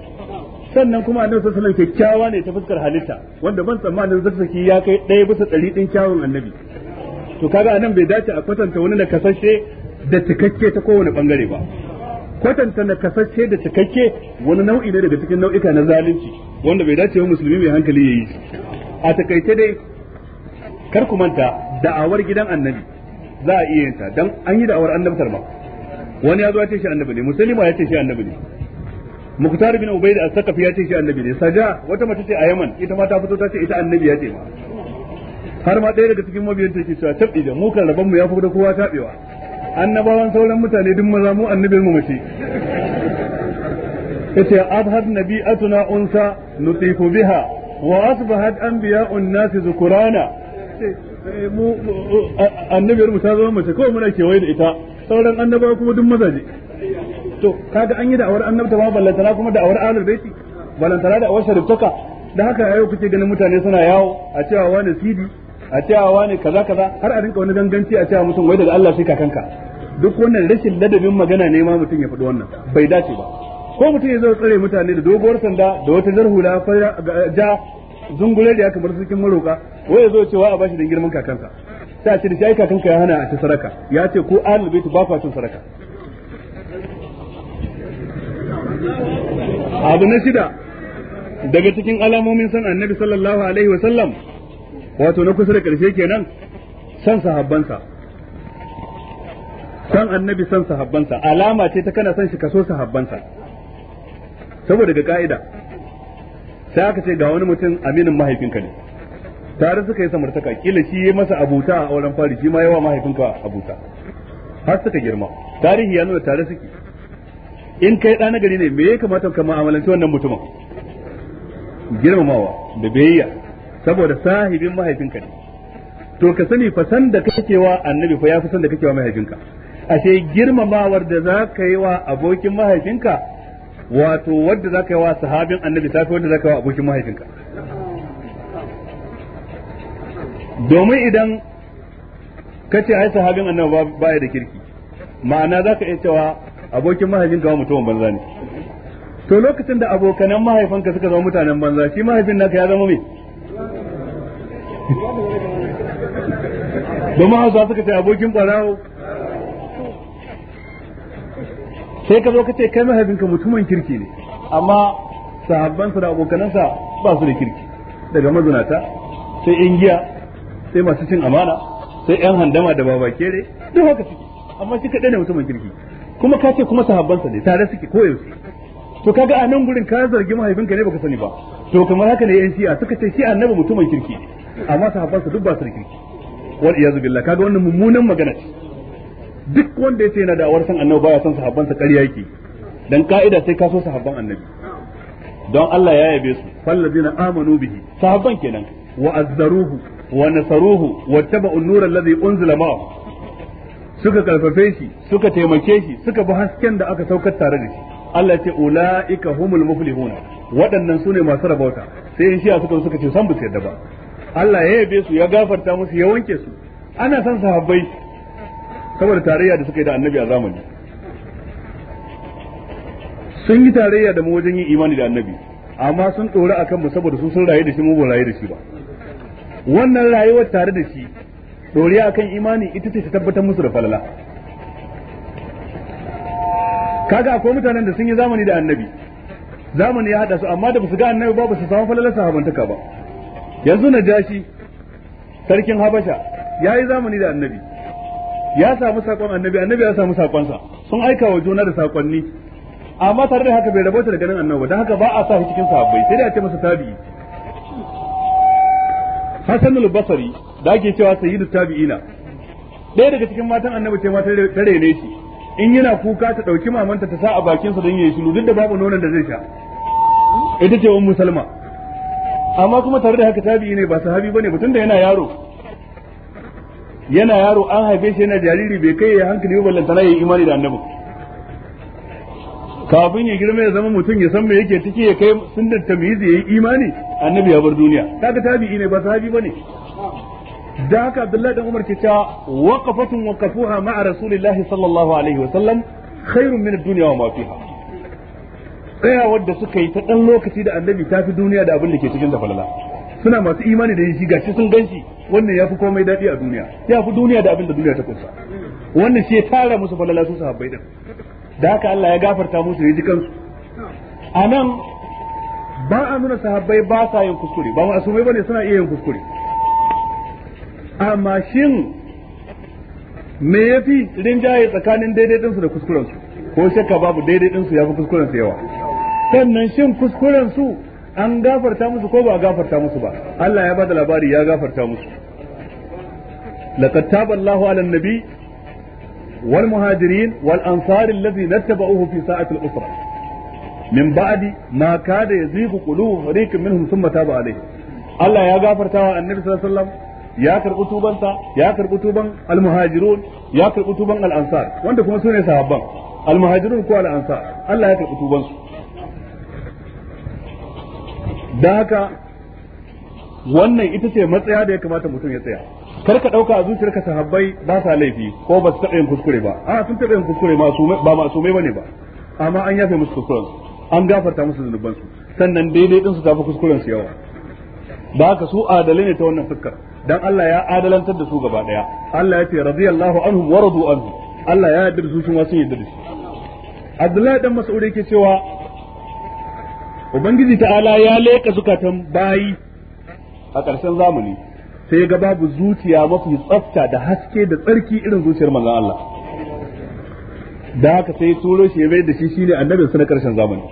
sannan kuma annabi sallallahu alaihi wasallam kyakkyawa ne ta fuskar halitta wanda ban tsammanin zarzaki ya kai ɗaya bisa ɗari ɗin kyawun annabi to kaga anan bai dace a kwatanta wani na kasashe da cikakke ta kowane bangare ba kwatanta na kasashe da cikakke wani nau'i ne daga cikin nau'ika na zalunci wanda bai dace wa musulmi mai hankali yayi a takaice dai kar ku manta da'awar gidan annabi za a iya yinta dan an yi da'awar annabtar ma wani ya zo ya ce shi annabi ne musulma ya ce shi annabi ne muktar bin ubayd as-saqafi ya ce shi annabi ne saja wata mace ce a yaman ita ma ta fito ta ce ita annabi ya ce ma har ma ɗaya daga cikin mabiyanta ke cewa tabbi da mu kan rabon mu ya fi da kowa tabewa annabawan sauran mutane duk maza mu annabin mu mace yace abhad nabi'atuna unsa nutifu biha wa asbahat anbiya'un nas zukurana eh, mu annabiyar mu ta zama mace kawai muna kewaye da ita sauran annabawa kuma duk mazaje to kaga an yi da awar annabta ma ballantana kuma awar ahlul baiti ballantana awar shariftuka da haka yau kuke ganin mutane suna yawo a cewa wani sidi a cewa wani kaza kaza har a rinka wani ganganci a cewa mutum wai daga Allah sai kakanka duk wannan rashin ladabin magana ne ma mutum ya faɗi wannan bai dace ba ko mutum ya zo tsare mutane da doguwar sanda da wata zarhula ja zungure da ya kamar cikin maroka wai ya zo cewa a bashi da girman kakansa sai ce da shi kakanka ya hana a ci saraka ya ce ko ahlul bait ba kwacin saraka abu na shida daga cikin alamomin san annabi sallallahu alaihi wa sallam wato na kusa da karshe kenan san sahabbansa san annabi san sahabbansa alama ce ta kana san shi kaso sahabbansa saboda ga ka'ida sai aka ce ga wani mutum aminin mahaifinka ne tare suka yi samartaka kila shi ya masa abuta a auren fari shi ma yawa mahaifinka abuta har suka girma tarihi ya nuna tare suke in kai ɗa nagari ne me ya kamata ka mu'amalanci wannan mutumin girmamawa da biyayya saboda sahibin mahaifinka ne to ka sani fa san da kake wa annabi fa fi san da kake wa mahaifinka ashe girmamawar da za ka yi wa abokin mahaifinka wato wadda za ka yi wa sahabin annabi tafi wadda za ka yi wa abokin mahaifinka domin idan ka ce ai sahabin annabi ya da kirki ma'ana za ka iya cewa abokin mahaifinka wa mutumin banza ne to lokacin da abokanan mahaifinka suka zama mutanen banza shi mahaifin naka ya zama me domin hausa suka ce abokin ɓarawo. sai ka zo ka ce kai mahaifinka mutumin kirki ne amma sahabbansa da abokanansa ba su da kirki daga mazunata sai yan giya sai masu cin amana sai yan handama da baba kere duk haka suke amma shi kaɗai ne mutumin kirki kuma ka ce kuma sahabbansa ne tare suke ko yaushe to kaga a nan gurin ka zargi mahaifinka ne baka sani ba to kamar haka ne yan shi'a suka ce shi annabi mutumin kirki ne amma sahabbansa duk ba su da kirki wal iyazu billah kaga wannan mummunan magana ce duk wanda ce yana da san annabi baya san sahabban sa ƙarya yake dan ka'ida sai ka so sahabban annabi don Allah ya yabe su fallazina amanu bihi sahabban kenan wa azzaruhu wa nasaruhu wa tabu'un nur alladhi unzila ma. suka karfafe shi suka taimake shi suka bi hasken da aka saukar tare da shi Allah ce ulaika humul muflihun waɗannan sune masu rabauta sai in shi suka suka ce san bu da ba Allah ya yabe su ya gafarta musu ya wanke su ana san sahabbai saboda tarayya da suka yi da annabi a zamani sun yi tarayya da mu wajen yin imani da annabi amma sun tsora akan mu saboda sun sun rayu da shi mu ba rayu da shi ba wannan rayuwar tare da shi doriya akan imani ita ce ta tabbatar musu da falala kaga akwai mutanen da sun yi zamani da annabi zamani ya hada su amma da su ga annabi ba ba su samu falalar sahabantaka ba yanzu na jashi sarkin habasha ya yi zamani da annabi ya samu sakon annabi annabi ya samu sakonsa sun aika wa juna da sakonni amma tare da haka bai rabota da ganin annabi don haka ba a sa shi cikin sahabbai sai dai a ce masa tabi'i Hassan al-Basri da ake cewa sayyidu tabi'ina ɗaya daga cikin matan annabi ce mata tare ne shi in yana kuka ta ɗauki mamanta ta sa a bakin sa don yayi shi duk da babu nonon da zai sha ita ce ummu Salma amma kuma tare da haka tabi'i ne ba sahabi bane ba tunda yana yaro yana yaro an haife shi yana jariri bai kai ya hankali ba lantana ya yi imani da annabi kafin ya girma ya zama mutum ya san me yake ciki ya kai sun da tamizi ya yi imani annabi ya bar duniya kaga tabi'i ne ba sahabi bane da haka Abdullahi dan Umar ke cewa waqafatun waqafuha ma'a rasulillahi sallallahu alaihi wa sallam khairun min ad-dunya wa ma fiha tsayawar da suka yi ta ɗan lokaci da annabi ta fi duniya da abin da ke cikin da falala suna masu imani da shi gashi sun ganshi wannan ya fi komai dadi a duniya Ya fi duniya da abin da duniya ta kunsa wannan shi ya tara musu falala su sahabbai din da haka Allah ya gafarta musu ya ji kansu nan ba a nuna sahabbai ba sa yin kuskure ba mai bane suna iya yin kuskure amma shin me fi rinjaye tsakanin daidai da kuskurensu. ko shakka babu daidai ya fi kuskurensu yawa sannan shin kuskurensu. an gafarta musu ko ba a gafarta musu ba Allah ya bada labari ya gafarta musu laqad taballahu ala nabi wal muhajirin wal ansar alladhina tabauhu fi sa'ati al usra min ba'di ma kada yazighu qulubu fariqin minhum thumma taba alayhi Allah ya gafarta wa annabi sallallahu alaihi wasallam ya karbi tubansa ya karbi tuban al muhajirun ya karbi tuban al ansar wanda kuma sune sahabban al muhajirun ko al ansar Allah ya karbi tubansu Da haka wannan ita ce matsaya da ya kamata mutum ya tsaya kar ka dauka a zuciyarka sahabbai ba sa laifi ko ba su taɓa yin kuskure ba a sun taɓa yin kuskure ba mai bane ba amma an yafe musu kuskuren an gafarta musu zunubansu sannan daidai din su tafi kuskuren su yawa da haka su adalai ne ta wannan fuskar dan Allah ya adalantar da su gaba daya Allah ya ce radiyallahu anhum wa radu anhu Allah ya yarda da su sun yarda da shi Abdullahi dan Mas'ud yake cewa ubangiji ta'ala ya leka zukatan bayi a ƙarshen zamani sai ga babu zuciya mafi tsafta da haske da tsarki irin zuciyar manzon Allah da haka sai turo shi mai da shi shine annabin su na ƙarshen zamani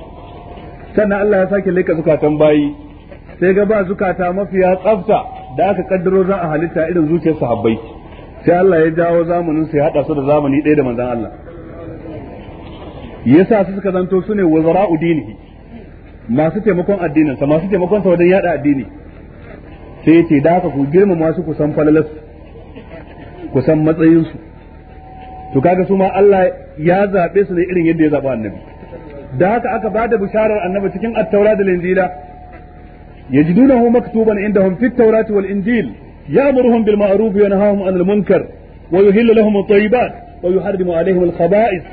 sannan Allah ya sake leka zukatan bayi sai ga ba zukata mafi tsafta da aka kaddaro za a halitta irin zuciyar sahabbai sai Allah ya jawo zamanin su ya hada su da zamani ɗaya da manzon Allah yasa su suka zanto su ne wazara'u dinihi masu taimakon addinin masu taimakon sa wajen yada addini sai ce da haka ku girmama su ku san falalas ku san matsayin su to kaga su ma Allah ya zabe su ne irin yadda ya zaba annabi da haka aka bada bisharar annabi cikin at-taura da injila yajidunahu maktuban indahum fit taurati wal injil ya'muruhum bil ma'ruf wa yanhahum 'anil munkar wa yuhillu lahum at-tayyibat wa yuharrimu 'alayhim al-khaba'ith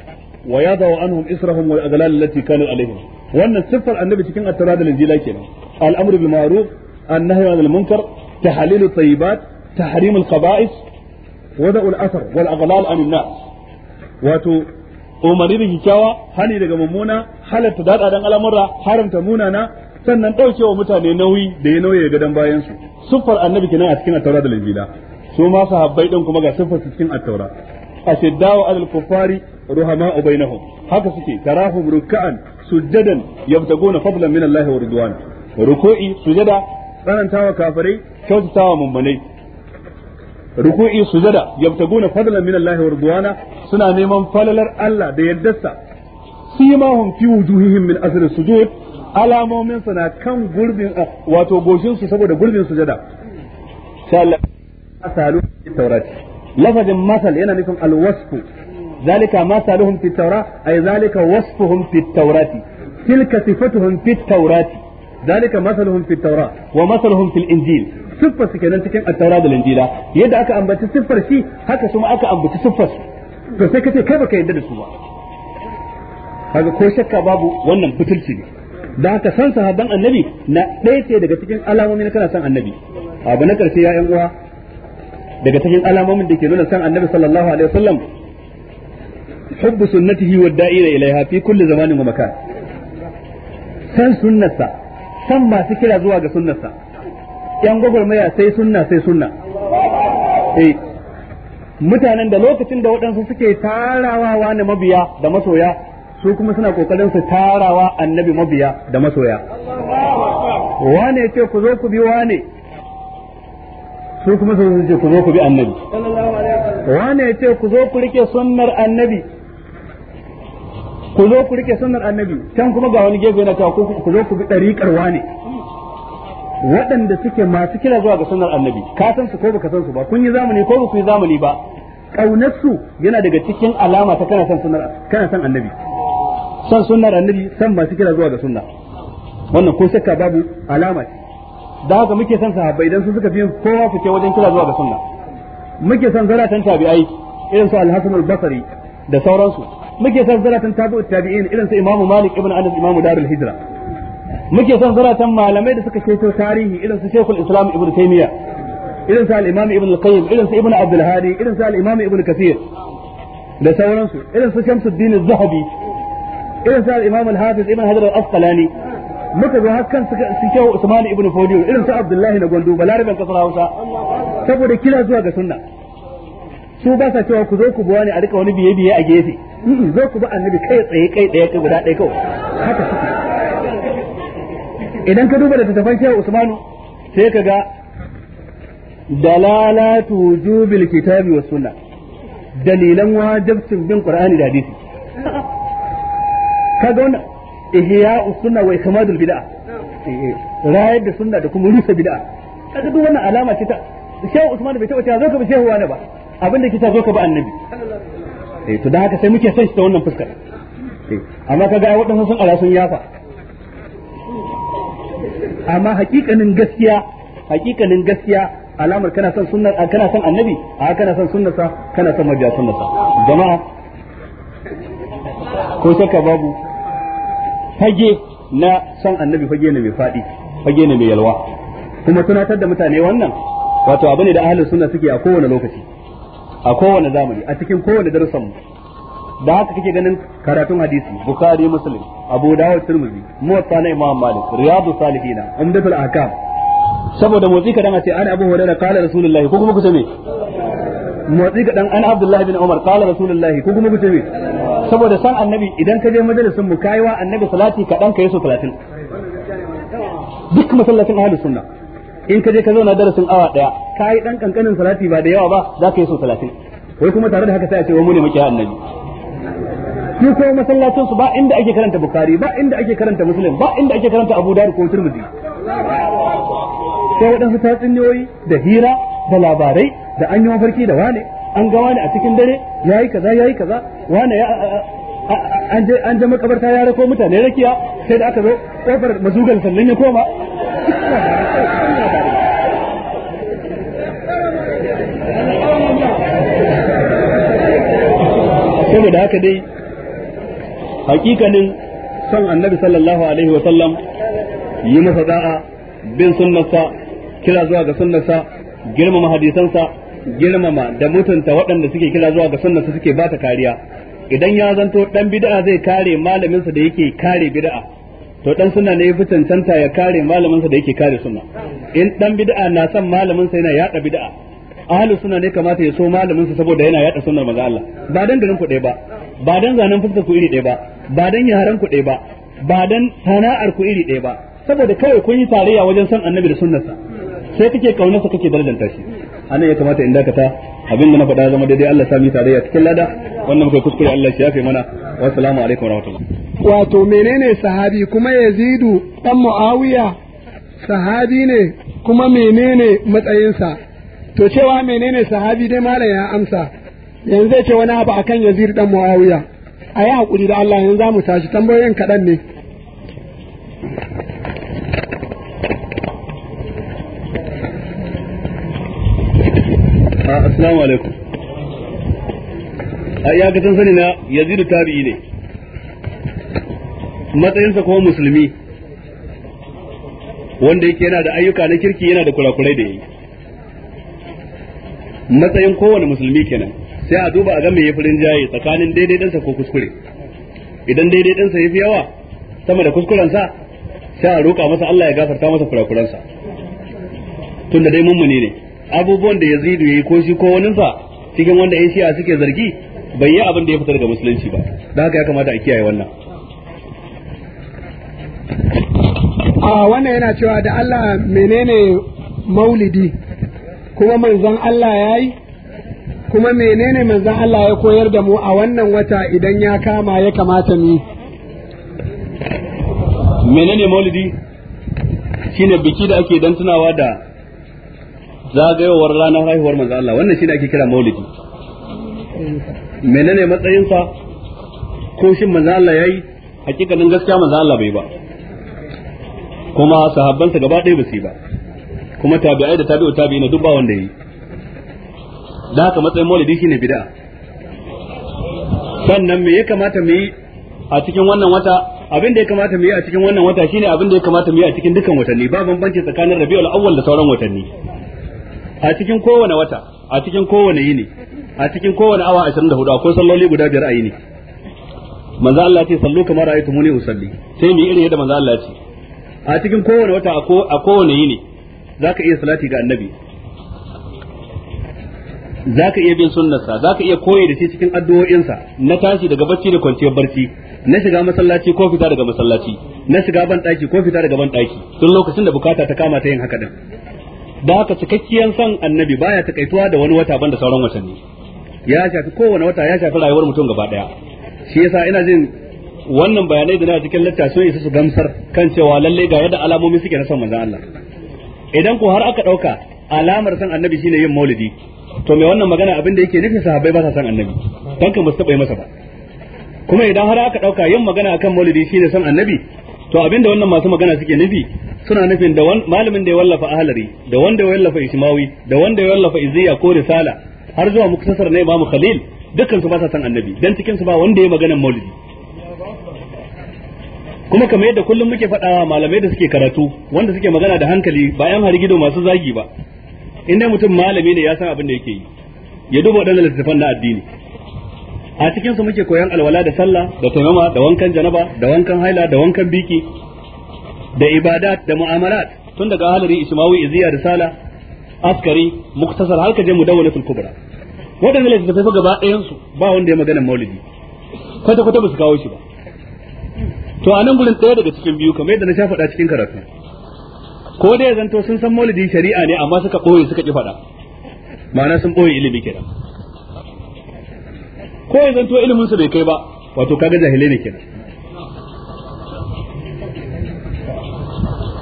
wa yadaw anhum israhum wal aghlal allati kanu alaihim wannan siffar annabi cikin at da injila kenan al-amru bil ma'ruf an-nahyu 'anil munkar tahlil at-tayyibat tahrim al-qaba'is wada'u al-athar wato umarni da kyakkyawa hani daga mummuna halarta dada dan al'amura haramta munana sannan ɗauke wa mutane nauyi da ya nauye ga dan bayan siffar annabi kenan a cikin at-tawrat da injila su ma sahabbai din kuma ga siffar cikin at ashiddau alal kuffari ruhamau bainahum haka suke tarahum ruk'an sujadan yabtaguna fadlan min Allah wa ridwan ruku'i sujada tsanantawa kafirai kyautatawa mummunai ruku'i sujada yabtaguna fadlan min Allah wa ridwana suna neman falalar Allah da yaddarsa simahum fi wujuhihim min asr sujud alamomin na kan gurbin wato goshin su saboda gurbin sujada insha Allah asalu taurati lafazin masal yana nufin alwasfu zalika masaluhum fi tawra ay zalika wasfuhum fi tawrati tilka sifatuhum fi tawrati zalika masaluhum fi tawra wa masaluhum fil injil siffar su kenan cikin at da injila yadda aka ambaci siffar shi haka kuma aka ambaci siffar su to sai kace kai baka yadda da su ba kaga ko shakka babu wannan butulci ne da haka san sahabban annabi na ɗaya ce daga cikin alamomi na kana san annabi abu na karshe ya yan uwa daga cikin alamomin da ke nuna san annabi sallallahu alaihi wasallam hubbu sunnatihi wa da'ira ilaiha fi kulli zamanin wa makan san sunnarsa san masu kira zuwa ga sunnarsa yan gwagwarmaya sai sunna sai sunna eh mutanen da lokacin da waɗansu suke tarawa wani mabiya da masoya su kuma suna kokarin su tarawa annabi mabiya da masoya wane ce ku zo ku bi wane su kuma sai ce ku zo ku bi annabi wane ya ce ku zo ku rike sunnar annabi ku zo ku rike sunnar annabi can kuma ga wani gefe na taku ku zo ku bi dariƙar wane waɗanda suke masu kira zuwa ga sunnar annabi ka san su ko baka san su ba kun yi zamani ko ba yi zamani ba kaunar su yana daga cikin alama ta kana san sunnar kana san annabi san sunnar annabi san masu kira zuwa ga sunna wannan ko shakka babu alama ce da haka muke son sahabbai idan su suka fi kowa fice wajen kira zuwa ga sunna muke son zaratan tabi'ai irin su al-Hasan al-Basri da sauransu muke son zaratan tabi'ut tabi'in irin su Imam Malik ibn Anas Imam Darul Hijra muke son zaratan malamai da suka ceto tarihi irin su Sheikhul Islam Ibn Taymiyyah irin su al-Imam Ibn al-Qayyim irin su Ibn Abdul Hadi irin su al-Imam Ibn Kathir da sauransu irin su Shamsuddin az-Zahabi irin su al-Imam al-Hafiz Ibn Hajar al-Asqalani muka zo har kan suka suke Usman ibn Fodiyo irin su Abdullahi na Gondo balaraban kasar Hausa saboda kira zuwa ga sunna su ba sa cewa ku zo ku buwa ne a rika wani biye biye a gefe zo ku ba annabi kai tsaye kai daya kai guda daya kawai haka suke idan ka duba da tafan shehu Usmanu sai ka ga dalalatu wujubil kitabi was sunna dalilan wajibcin bin Qur'ani da hadisi kaga wannan ihya sunna wa ikmadul bid'a rayar da sunna da kuma rusa bid'a kaga duk wannan alama ce ta shehu usman bai taba cewa zo ka bi shehu wani ba abinda kita zo ka bi annabi eh to dan haka sai muke son shi ta wannan fuskar amma kaga waɗansu sun ara sun yafa amma hakikanin gaskiya hakikanin gaskiya alamar kana son sunnar kana son annabi a kana son sunnarsa kana son mabiya sunnarsa jama'a ko shakka babu fage na son annabi fage ne mai faɗi fage ne mai yalwa kuma tunatar da mutane wannan wato abu ne da ahalin suna suke a kowane lokaci a kowane zamani a cikin kowane darussan mu da haka kake ganin karatun hadisi bukhari muslim abu dawud tirmidhi muwatta na imam malik riyadu salihin umdatul ahkam saboda motsi kadan a ce an abu hurairah qala rasulullahi ko kuma ku ce me motsi kadan an abdullahi bin umar qala rasulullahi ko kuma ku ce me saboda san annabi idan ka je majalisin mu kayi wa annabi salati ka dan kayi so duk masallacin ahlus sunna in ka je ka zauna darasin awa daya kayi dan kankanin salati ba da yawa ba za ka yi su 30 wai kuma tare da haka sai a ce wa mu ne muke annabi shi ko masallacin su ba inda ake karanta bukhari ba inda ake karanta muslim ba inda ake karanta abu ko turmudi sai wadansu tatsuniyoyi da hira da labarai da an farki mafarki da wane an ga wani a cikin dare yayi kaza yayi kaza wani ya an je an je makabarta ya rako mutane rakiya sai da aka zo kofar mazugal sannan ya koma saboda haka dai hakikanin son annabi sallallahu alaihi wa sallam yi masa da'a bin sunnarsa kira zuwa ga sunnarsa girmama hadisansa girmama da mutunta waɗanda suke kira zuwa ga sunna su suke bata kariya idan ya zanto dan bid'a zai kare malamin sa da yake kare bid'a to dan sunna ne yafi cancanta ya kare malamin sa da yake kare sunna in dan bid'a na son malamin sa yana yada bid'a ahlus sunna ne kamata ya so malamin sa saboda yana yada sunnar manzo Allah ba dan garin ku dai ba ba dan zanan fuskar ku iri dai ba ba dan yaran ku dai ba ba dan sana'ar ku iri dai ba saboda kawai kun yi tarayya wajen son annabi da sunnarsa sai kake kaunarsa kake darajanta shi anan ya kamata in dakata abinda na faɗa zama daidai Allah sami tarayya cikin lada wannan muka kuskure Allah shi yafe mana wa salamu alaikum wa rahmatullah wato menene sahabi kuma yazidu dan muawiya sahabi ne kuma menene matsayinsa to cewa menene sahabi dai malam ya amsa yanzu ce wani abu akan yazidu dan muawiya a yi hakuri da Allah yanzu za mu tashi tambayoyin kaɗan ne assalamu alaikum a iyakacin sani na yazidu tabi'i ne matsayinsa kuma musulmi wanda yake yana da ayyuka na kirki yana da kurakurai da yi matsayin kowane musulmi kenan sai a duba a ga ya yafi rinjaye tsakanin daidai ɗansa ko kuskure idan daidai ɗansa ya fi yawa sama da kuskurensa sai a roƙa masa Allah ya gafarta masa tun tunda dai mummuni ne abubuwan da yazidu yayi ko shi ko waninsa cikin wanda yan shi'a suke zargi bai yi abin da ya fitar ga musulunci ba da haka ya kamata a kiyaye wannan a wannan yana cewa da Allah menene maulidi kuma manzon Allah ya kuma menene manzon Allah ya koyar da mu a wannan wata idan ya kama ya kamata mu menene maulidi shine biki da ake dan tunawa da zagayowar ranar haihuwar manzo Allah wannan shi ne ake kira maulidi menene matsayin sa ko shin manzo Allah yayi hakikanin gaskiya manzo Allah bai ba kuma sahabbansa gaba ɗaya ba su ba kuma tabi'ai da tabi'u tabi'ina duk ba wanda yi da haka matsayin maulidi shine bid'a sannan me ya kamata mu yi a cikin wannan wata abin da ya kamata mu yi a cikin wannan wata shine abin da ya kamata mu yi a cikin dukkan watanni ba bambanci tsakanin Rabiul Awwal da sauran watanni a cikin kowane wata a cikin kowane yini a cikin kowane awa 24 akwai salloli guda biyar a yini manzo Allah ce sallu kamar ra'aytumuni usalli sai mu irin yadda manzo Allah ce a cikin kowane wata a kowane yini zaka iya salati ga annabi zaka iya bin sunnarsa zaka iya koyi da shi cikin addu'o'insa na tashi daga bacci da kwanciyar barci na shiga masallaci ko fita daga masallaci na shiga ban daki ko fita daga ban daki tun lokacin da bukata ta kama ta yin haka din da haka cikakkiyar son annabi baya takaituwa da wani wata banda sauran watanni ya shafi kowane wata ya shafi rayuwar mutum gaba daya shi yasa ina jin wannan bayanai da na cikin latta sun isa su gamsar kan cewa lalle ga yadda alamomi suke na son manzon Allah idan ko har aka dauka alamar san annabi shine yin maulidi to mai wannan magana abin da yake nufin sahabbai ba sa san annabi dan kan yi masa ba kuma idan har aka dauka yin magana akan maulidi shine san annabi to abinda wannan masu magana suke nufi suna nufin da malamin da ya wallafa ahalari da wanda ya wallafa ismawi da wanda ya wallafa iziya ko risala har zuwa muktasar na imamu khalil dukkan su ba sa san annabi dan cikin su ba wanda ya magana maulidi kuma kamar yadda kullum muke faɗawa malamai da suke karatu wanda suke magana da hankali ba yan gido masu zagi ba inda mutum malami ne ya san abin da yake yi ya duba wadannan littattafan na addini a cikin su muke koyan alwala da sallah da tunama da wankan janaba da wankan haila da wankan biki da ibada da mu'amalat tun daga halari ismawi iziya risala askari muktasar har ka je mudawwalatul kubra ne da fa gaba ɗayan su ba wanda ya magana maulidi kwata kwata ba su kawo shi ba to anan nan gurin ɗaya daga cikin biyu kamar yadda na sha faɗa cikin karatu ko dai ya zanto sun san maulidi shari'a ne amma suka ɓoye suka ƙi faɗa ma'ana sun ɓoye ilimi kenan ko ya zanto ilimin sa bai kai ba wato kaga jahilai ne kenan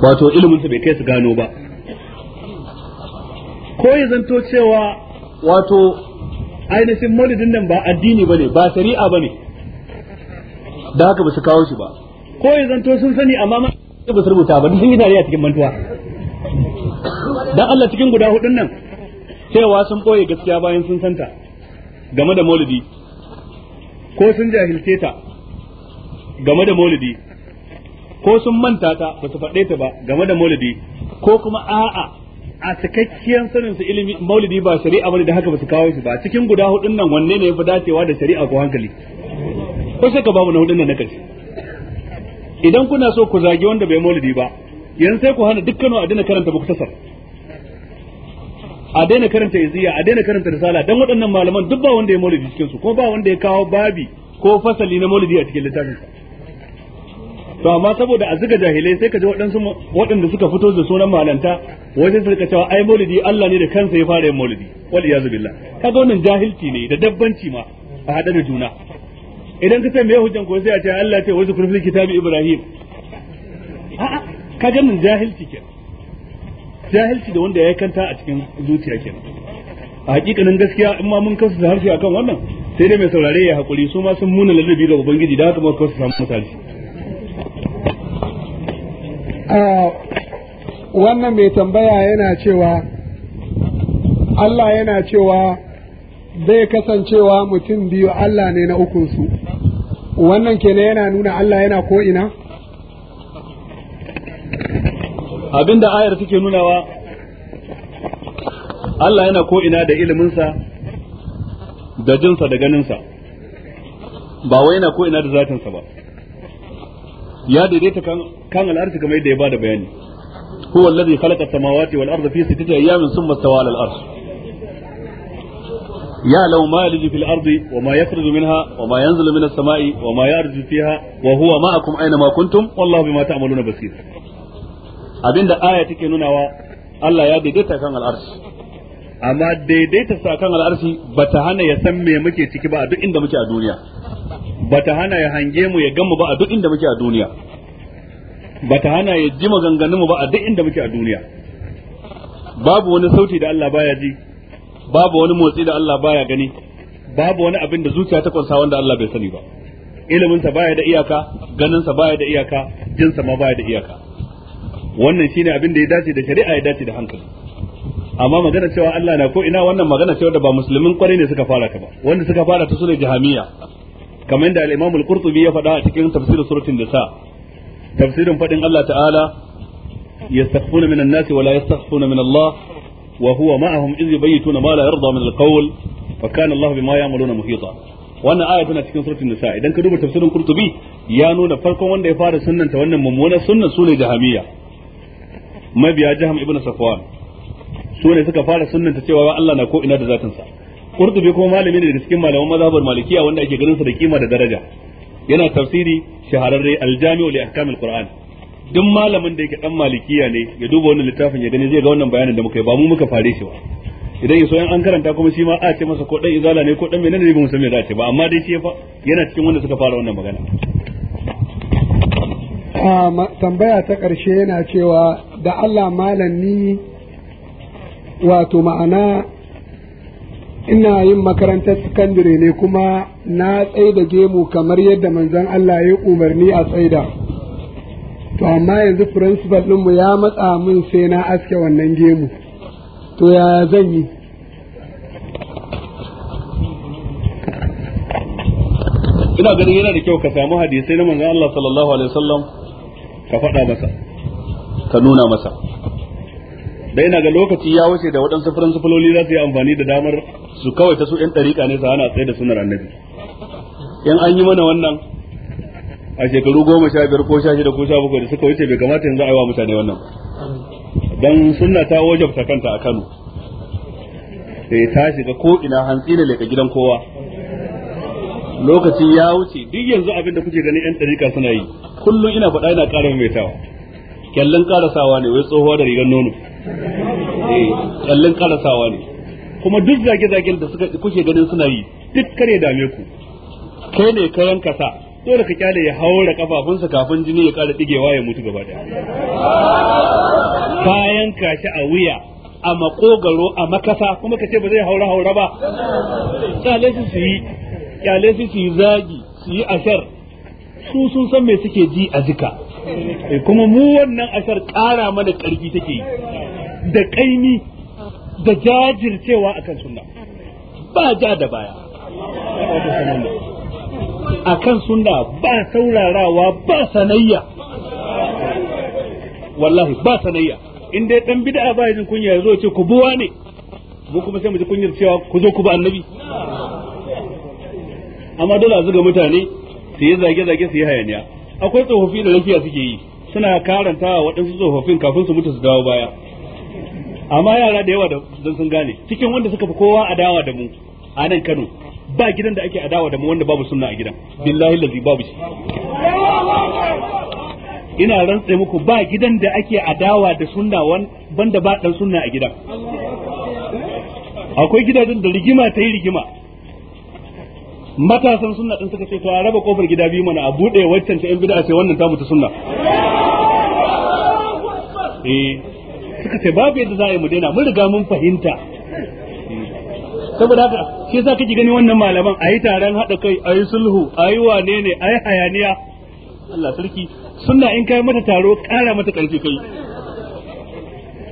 wato ilimin sa bai kai su gano ba ko ya zanto cewa wato ainihin maulidin nan ba addini bane ba shari'a bane da haka ba su kawo shi ba ko ya zanto sun sani amma ma ba su rubuta ba sun yi tarihi a cikin mantuwa dan Allah cikin guda hudun nan cewa sun boye gaskiya bayan sun santa game da maulidi ko sun jahilce ta game da maulidi ko sun manta ta ba su faɗe ta ba game da maulidi ko kuma a'a a cikakkiyar sanin su ilimi maulidi ba shari'a bane da haka ba su kawo shi ba cikin guda hudun nan wanne ne yafi dacewa da shari'a ko hankali ko sai ka babu na hudun nan na kashi idan kuna so ku zagi wanda bai maulidi ba yanzu sai ku hana dukkan addinin karanta tasar a daina karanta iziya a daina karanta risala dan waɗannan malaman duk ba wanda ya maulidi cikin su ko ba wanda ya kawo babi ko fasali na maulidi a cikin littafin to amma saboda a zuga jahilai sai ka ji waɗansu waɗanda suka fito da sunan malanta wajen su cewa ai maulidi Allah ne da kansa ya fara yin maulidi wal iyazu billah kaga wannan jahilci ne da dabbanci ma a hada da juna idan ka ce me hujjan ko sai a ce Allah ce wasu kurfil kitabi Ibrahim a'a kaga nan jahilci kenan jahilci da wanda ya kanta a cikin zuciya kenan a hakikanin gaskiya in ma mun kasu harshe akan wannan sai dai mai saurare ya hakuri su ma sun muna ladabi ga ubangiji da haka ma kasu samu misali ah, wannan mai tambaya yana cewa Allah yana cewa zai kasancewa mutum biyu Allah ne na ukunsu wannan kenan yana nuna Allah yana ko'ina. abinda ayar suke nunawa Allah yana ko ina da iliminsa da jinsa da ganinsa ba wai yana ko ina da zatinsa ba ya daidaita kan al'arshi kamar yadda ya bada bayani huwa allazi khalaqa as-samawati wal arda fi sittati ayamin thumma wa ala al-arsh يعلم ما يلج في الأرض وما يخرج منها وما ينزل من السماء وما يرج فيها وهو معكم أينما كنتم والله بما تعملون بصير abinda aya take nunawa Allah ya daidaita kan al'arshi amma daidaita sa kan al'arshi bata hana ya san me muke ciki ba a duk inda muke a duniya bata hana ya hange mu ya gamu ba a duk inda muke a duniya bata hana ya ji maganganun mu ba a duk inda muke a duniya babu wani sauti da Allah baya ji babu wani motsi da Allah baya gani babu wani abin da zuciya ta kunsa wanda Allah bai sani ba ilimin sa baya da iyaka ganin sa baya da iyaka jin sa ma baya da iyaka wannan shine abin da ya dace da shari'a ya dace da hankali amma magana cewa Allah na ko ina wannan magana cewa da ba musulmin kwarai ne suka fara ta ba wanda suka fara ta sune jahamiya kamar yadda al-Imam al-Qurtubi ya faɗa a cikin tafsirin suratul nisa tafsirin fadin Allah ta'ala yastakhfuna min an-nasi wa la yastakhfuna min Allah wa huwa ma'ahum idh yubayituna ma la yarda min al-qawl fa kana Allah bima ya'maluna muhita wannan aya tana cikin suratul nisa idan ka duba tafsirin Qurtubi ya nuna farkon wanda ya fara sunnanta wannan mummunar sunnan sune jahamiya mabiya jiham ibn safwan su ne suka fara sunnanta cewa Allah na ko ina da zatin sa qurtubi kuma malami ne da cikin malaman mazhabar malikiya wanda ake ganin sa da kima da daraja yana tafsiri shahararre aljami'u li ahkamil qur'an duk malamin da yake dan malikiya ne ya duba wannan littafin ya gani zai ga wannan bayanin da muka yi ba mu muka fare shi ba idan yaso yan an karanta kuma shi ma a ce masa ko dan izala ne ko dan menene ne ba mu san me za ce ba amma dai shi fa yana cikin wanda suka fara wannan magana ah, tambaya ta karshe yana cewa da Allah ni wato ma'ana ina yin makarantar sakandire ne kuma na da gemu kamar yadda manzon Allah ya umarni a tsaida to amma yanzu principal ɗinmu ya matsa min sai na aske wannan gemu to yaya zan yi ina ganin yana da kyau ka samu hadisai na manzon Allah sallallahu alaihi wasallam ka faɗa masa ka nuna masa da ina ga lokaci ya wuce da waɗansu furan filoli za su yi amfani da damar su kawai ta su ɗan ɗariƙa ne su hana tsaye da sunar annabi in an yi mana wannan a shekaru goma sha biyar ko sha shida ko sha bakwai da suka wuce bai kamata yanzu a yi wa mutane wannan dan sunna ta wajabta kanta a Kano sai ta shiga ko ina hantsi ne leka gidan kowa lokaci ya wuce duk yanzu abin da kuke ganin yan ɗariƙa suna yi kullum ina faɗa ina ƙara maimaitawa kyallin karasawa ne wai tsohuwa da rigar nono eh kyallin karasawa ne kuma duk zage-zagen da suka kuke ganin suna yi duk kare dame ku kai ne ka yanka sa dole ka kyale ya haura kafafunsa kafin jini ya kara digewa ya mutu gaba daya ka yanka shi a wuya a makogaro a makasa kuma ka ce ba zai haura haura ba kyale su su yi zagi su yi ashar su sun san me suke ji a jika Eh, kuma mu wannan asar ƙara mana ƙarfi take yi da ƙaimi da jajircewa akan sunna ba ja da baya akan sunna ba saurarawa ba sanayya wallahi ba sanayya in dai dan bid'a ba yin kunya yazo ce ku buwa ne mu kuma sai mu ji kunyar cewa ku zo ku ba annabi amma dole a zuga mutane su yi zage-zage su yi hayaniya akwai tsofaffi da lafiya suke yi suna karantawa waɗansu tsofaffin kafin su mutu su dawo baya amma yara da yawa da don sun gane cikin wanda suka fi kowa adawa da mu a nan Kano ba gidan da ake adawa da mu wanda babu sunna a gidan billahi lazi babu shi ina rantsa muku ba gidan da ake adawa da sunna banda ba dan sunna a gidan akwai gidajen da rigima ta yi rigima matasan sunna din suka ce to a raba kofar gida biyu mana a buɗe waccan ta yan bid'a ce wannan ta mutu sunna eh, suka ce babu yadda za a yi mu daina mun riga mun fahimta saboda haka shi ka kake gani wannan malaman a yi taron haɗa kai a yi sulhu a yi wane ne yi hayaniya Allah sarki sunna in kai mata taro ƙara mata ƙarfi kai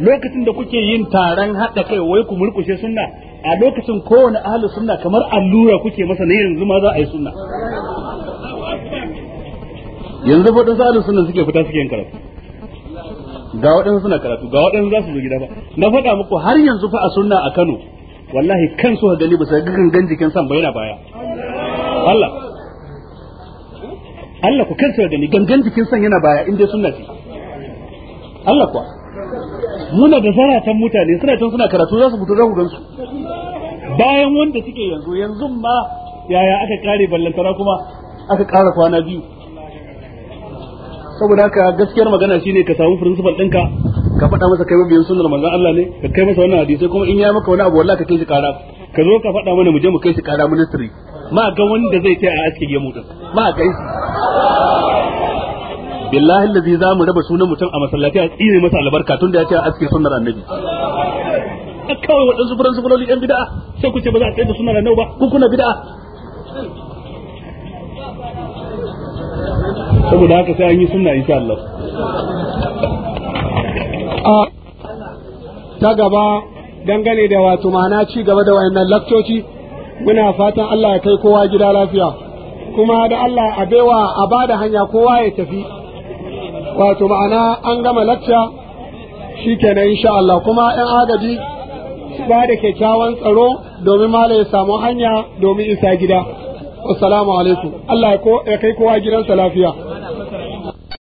lokacin da kuke yin taron haɗa kai wai ku murkushe sunna a lokacin kowane ahlus sunna kamar allura kuke masa ne yanzu ma za a yi sunna yanzu faɗin sa'adun ahlus suke fita suke yin karatu ga waɗansu suna karatu ga waɗansu za su zo gida ba na faɗa muku har yanzu fa a sunna a Kano wallahi kan su gani ba su ga gangan jikin san ba yana baya Allah Allah ku kan su gani gangan jikin san yana baya in dai sunna ce Allah kuwa muna da zaratan mutane suna can suna karatu za su fito za ku gansu bayan wanda suke yanzu yanzu ma yaya aka kare ballantana kuma aka kara kwana biyu saboda haka gaskiyar magana shine ka samu principal ɗinka ka faɗa masa kai mabiyin sunnar manzon Allah ne ka kai masa wannan hadisi kuma in ya maka wani abu wallahi ka kai shi kara ka zo ka faɗa mana mu je mu kai shi kara ministry ma ga wanda zai kai a aske gemu din ma ga shi billahi allazi za mu raba sunan mutum a masallaci a tsire masa albarka tunda ya ce a aske sunnar annabi kawai waɗansu furen su furen yan bida'a sai kuce ba za a kai da suna da nau ba ku kuna bida'a saboda haka sai an yi yi insha Allah ta gaba dangane da wato ma'ana ci gaba da wayannan lakcoci muna fatan Allah ya kai kowa gida lafiya kuma da Allah a baiwa a bada hanya kowa ya tafi wato ma'ana an gama lakca kenan insha Allah kuma yan agaji ba da kyakkyawan tsaro domin mala ya samu hanya domin isa gida assalamu alaikum Allah ya kai kowa gidansa lafiya